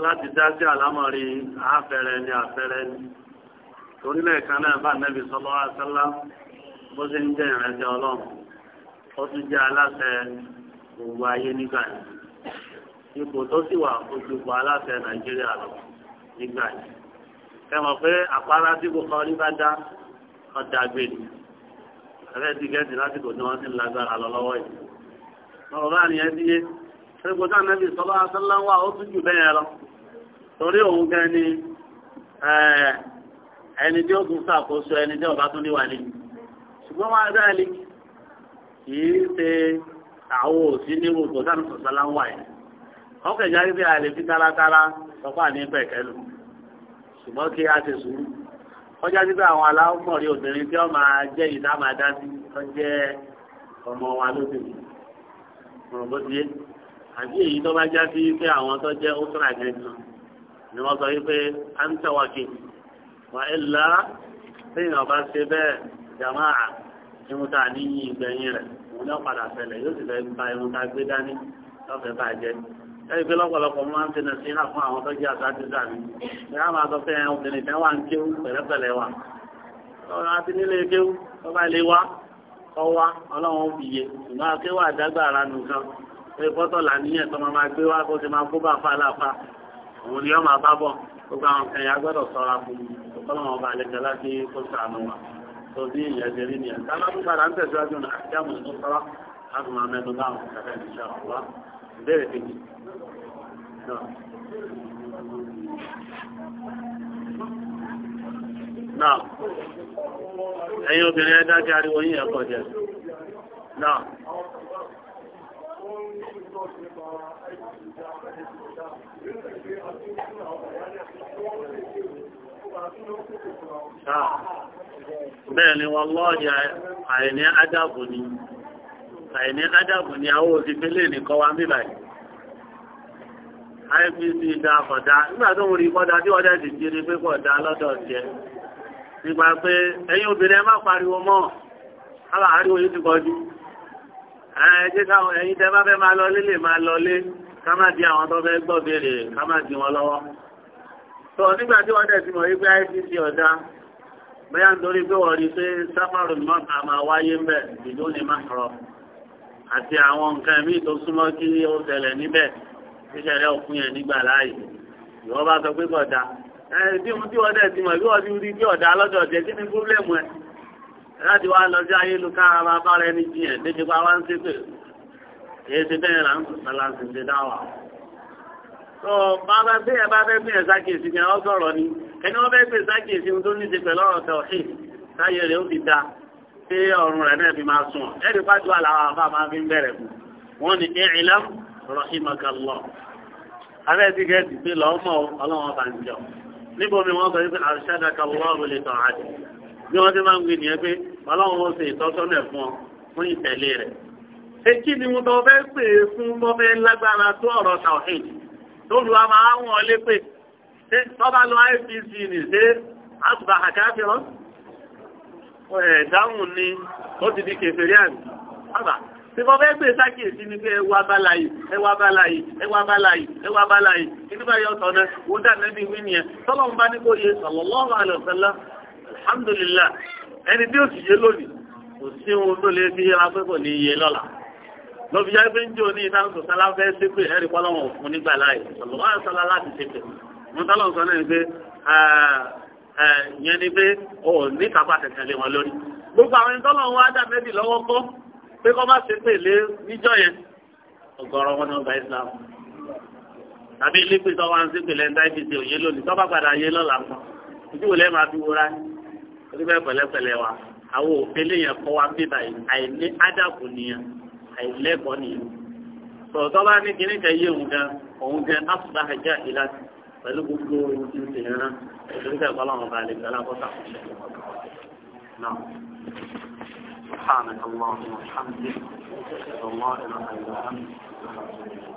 láti dá sí àlámọ̀rí àfẹ́rẹ́ ni àfẹ́rẹ́ ni torílẹ̀ kan náà bá nẹ́bí sọ́lọ́ àṣálá bó ṣe ń jẹ́ ìrẹsẹ̀ ọlọ́run ó tún jẹ́ aláṣẹ gbogbo ayé nígbà yìí ipò tó sì wà ojú pa aláṣẹ nàìjíríà lọ nígbà yìí ẹ mọ̀ pé àpárá tí kò kọ́ ní bá dá ọjà gbèlú ẹ̀rẹ́ ti gẹ́ẹ̀sì lásìkò tí wọ́n ti ń lágbára lọ lọ́wọ́ yìí ọ̀rọ̀ bá nìyẹn ti yé ṣé kò tá nẹ́bí sọ́lọ́ àṣálá wà ó tún jù bẹ́ẹ̀ lọ. torí òun gan ni eh, ẹni tí ó tún ṣàkóso ẹni tí ọba tún níwà ni ṣùgbọ́n wọn adá lè kì í ṣe àwọn òsì nírú kò sánú sọ̀tọ̀ láwà yìí wọ́n a lè fi tálákálá sọ́kọ́ àní pẹ̀kẹ́ ṣùgbọ́n kí a ṣe sùúrù àwọn aláwọ̀mọ̀rí obìnrin tí máa jẹ́ ìdá máa dá sí ọmọ wa bó ti yé àbí èyí tó bá já sí pé àwọn tó jẹ́ ni wọ́n sọ wípé à ń tẹ̀wákì wà á là sẹ́yìn ọba ṣe bẹ́ẹ̀ jàmáà irun tá a ní yí ìgbẹ̀yìn rẹ̀ òun náà padà ṣẹlẹ̀ yóò sì fẹ́ ba irun tá a gbé dání lọ́fẹ̀ẹ́ bá jẹ́ ẹ̀rí pé lọ́pọ̀lọpọ̀ máa ń ti nà sí iná fún àwọn tó jẹ́ àtàtìsà mi ní a máa sọ pé ẹ̀hún obìnrin tẹ́ wà ń kéwú pẹ̀lẹ́pẹ̀lẹ́ wa òun ni ọmọ àbábọ̀ gbogbo àwọn kan yà gbọ́dọ̀ sọ́ra fún ọlọ́wọ́n ọba àlejò láti kó sàánú wa tó bí ìyẹn ṣe rí nìyẹn tá lọ́dún padà ń tẹ̀síwájú ní àti àmọ̀ tó sọ́ra láti máa mẹ́nu bá àwọn kẹfẹ́ ní ṣe ọ̀pọ̀ ìbéèrè kejì. náà. bẹ́ẹ̀ ni wọ́n lọ́ọ̀dì àìní ádàbò ni àìní ádàbò ni àwọn òsìfẹ́lẹ̀ nìkan wa ń IPC dá kọ̀dá nígbàtí tó rí kọ́dá tí wọ́n dẹ̀sì jírí pé kọ̀dá lọ́dọ̀ jẹ́ nígbà pé ẹ̀yìn obìnrin ẹ má pariwo mọ́ àbáhàríwò yìí ti kọjú ẹjẹ́ káwọn ẹ̀yin tẹ́ bá fẹ́ máa lọ lélè máa lọ lé ká má di àwọn tó fẹ́ gbọ́ béèrè ká má di wọn lọ́wọ́. tó nígbà tí wọ́n tẹ̀sí mọ̀ wípé ICC ọ̀dá bóyá nítorí pé wọ́n rí pé sáfàrù mọ́ta máa wáyé ń bẹ̀ ìlú ni máa rọ àti àwọn nǹkan míì tó súnmọ́ kí ó ṣẹlẹ̀ níbẹ̀ ìṣẹ̀lẹ̀ òfin yẹn nígbà láàyè ìwọ́n bá sọ pé kọ̀dá ẹ̀ láti wá lọ sí ayélujára bá bára ẹni jiyàn débi pa wá ń ṣe pé èyí ti bẹ́ẹ̀ là ń sọ̀rọ̀ sí ti dá wà. tó bàbá bí ẹ bá fẹ́ bí ẹ sákèsí ni ọ sọ̀rọ̀ ni ẹni wọ́n fẹ́ pè sákèsí ohun tó ní ti pẹ̀lú ọ̀rọ̀ tẹ̀ ọ̀hìn táyé rẹ̀ ó ti da pé ọ̀run rẹ̀ náà fi máa sùn ẹ̀rí pàtó àlàáfà àfa máa fi ń bẹ̀rẹ̀ kù wọ́n ní ìrìnlẹ́m rahimakallah abẹ́ ti gẹ̀ẹ́sì pé lọ́mọ ọlọ́wọ́n bá ń jọ níbo mi wọ́n sọ bí wọ́n ti máa ń gbé nìyẹn pé ọlọ́run ó ṣe ìtọ́sọ́nà fún ọ fún ìtẹ̀lé rẹ̀. Èkí ni mo tọ́ fẹ́ pè é fún mọ́ fẹ́ lágbára tó ọ̀rọ̀ tàwíìd tó lu àmà àwọn ọlépè ṣé tọ́ba lọ IPC nì ṣé àtùbà àkáfíà ẹ̀dáhùn ni ó ti di kèfèrí àmì. Bàbá tí mo fẹ́ pè sákèsí ni pé ẹwà abálayì ẹwà abálayì ẹwà abálayì ẹwà abálayì ìdíbàyọ̀ sọ̀nà wọ́n dà nẹ́bí wí nìyẹn tọ́lọ́run bá ní kó yẹ sallallahu alaihi alhamdulillah ẹni tí ó sì yé lónìí kò sí ohun tó lè fi yẹra pé kò ní yé lọ́la lọ́bi yá pé ń jò ní ìdáhùn sọ̀sálá fẹ́ ṣépè ẹ̀rí pọ́lọ́wọ̀n fún nígbà láàyè sọ̀lọ́wọ́ àṣálá láti ṣépè wọn tọ́lọ̀ sọ náà ni pé yẹn ni pé ò ní kápá tẹ̀tẹ̀ lé wọn lórí gbogbo àwọn ìtọ́lọ̀ wọn ádá mẹ́bì lọ́wọ́ kọ́ pé kọ́ bá ṣépè lé níjọ́ yẹn ọgọ́rọ̀ wọn ní ọgbà Islam tàbí ilé pé tọ́wọ́ à ń ṣépè lẹ́ńdá òye lónìí tọ́ torí bẹ́ẹ̀ pẹ̀lẹ́pẹ̀lẹ́ wa àwọn òpele yẹn kọ́ wa bí báyìí àìní ádàbò nìyẹn àìlẹ́kọ̀ọ́ nìyẹn sọ̀tọ́ bá ní kíní kan yé òun gan òun gan asùnbà àjẹ́ àìlá pẹ̀lú gbogbo ohun tí ó ti rán torí bẹ́ẹ̀ kọ́ lọ́wọ́ balẹ̀ gbẹ́lá kọ́ta náà سبحانك اللهم وبحمدك اشهد ان لا اله الا انت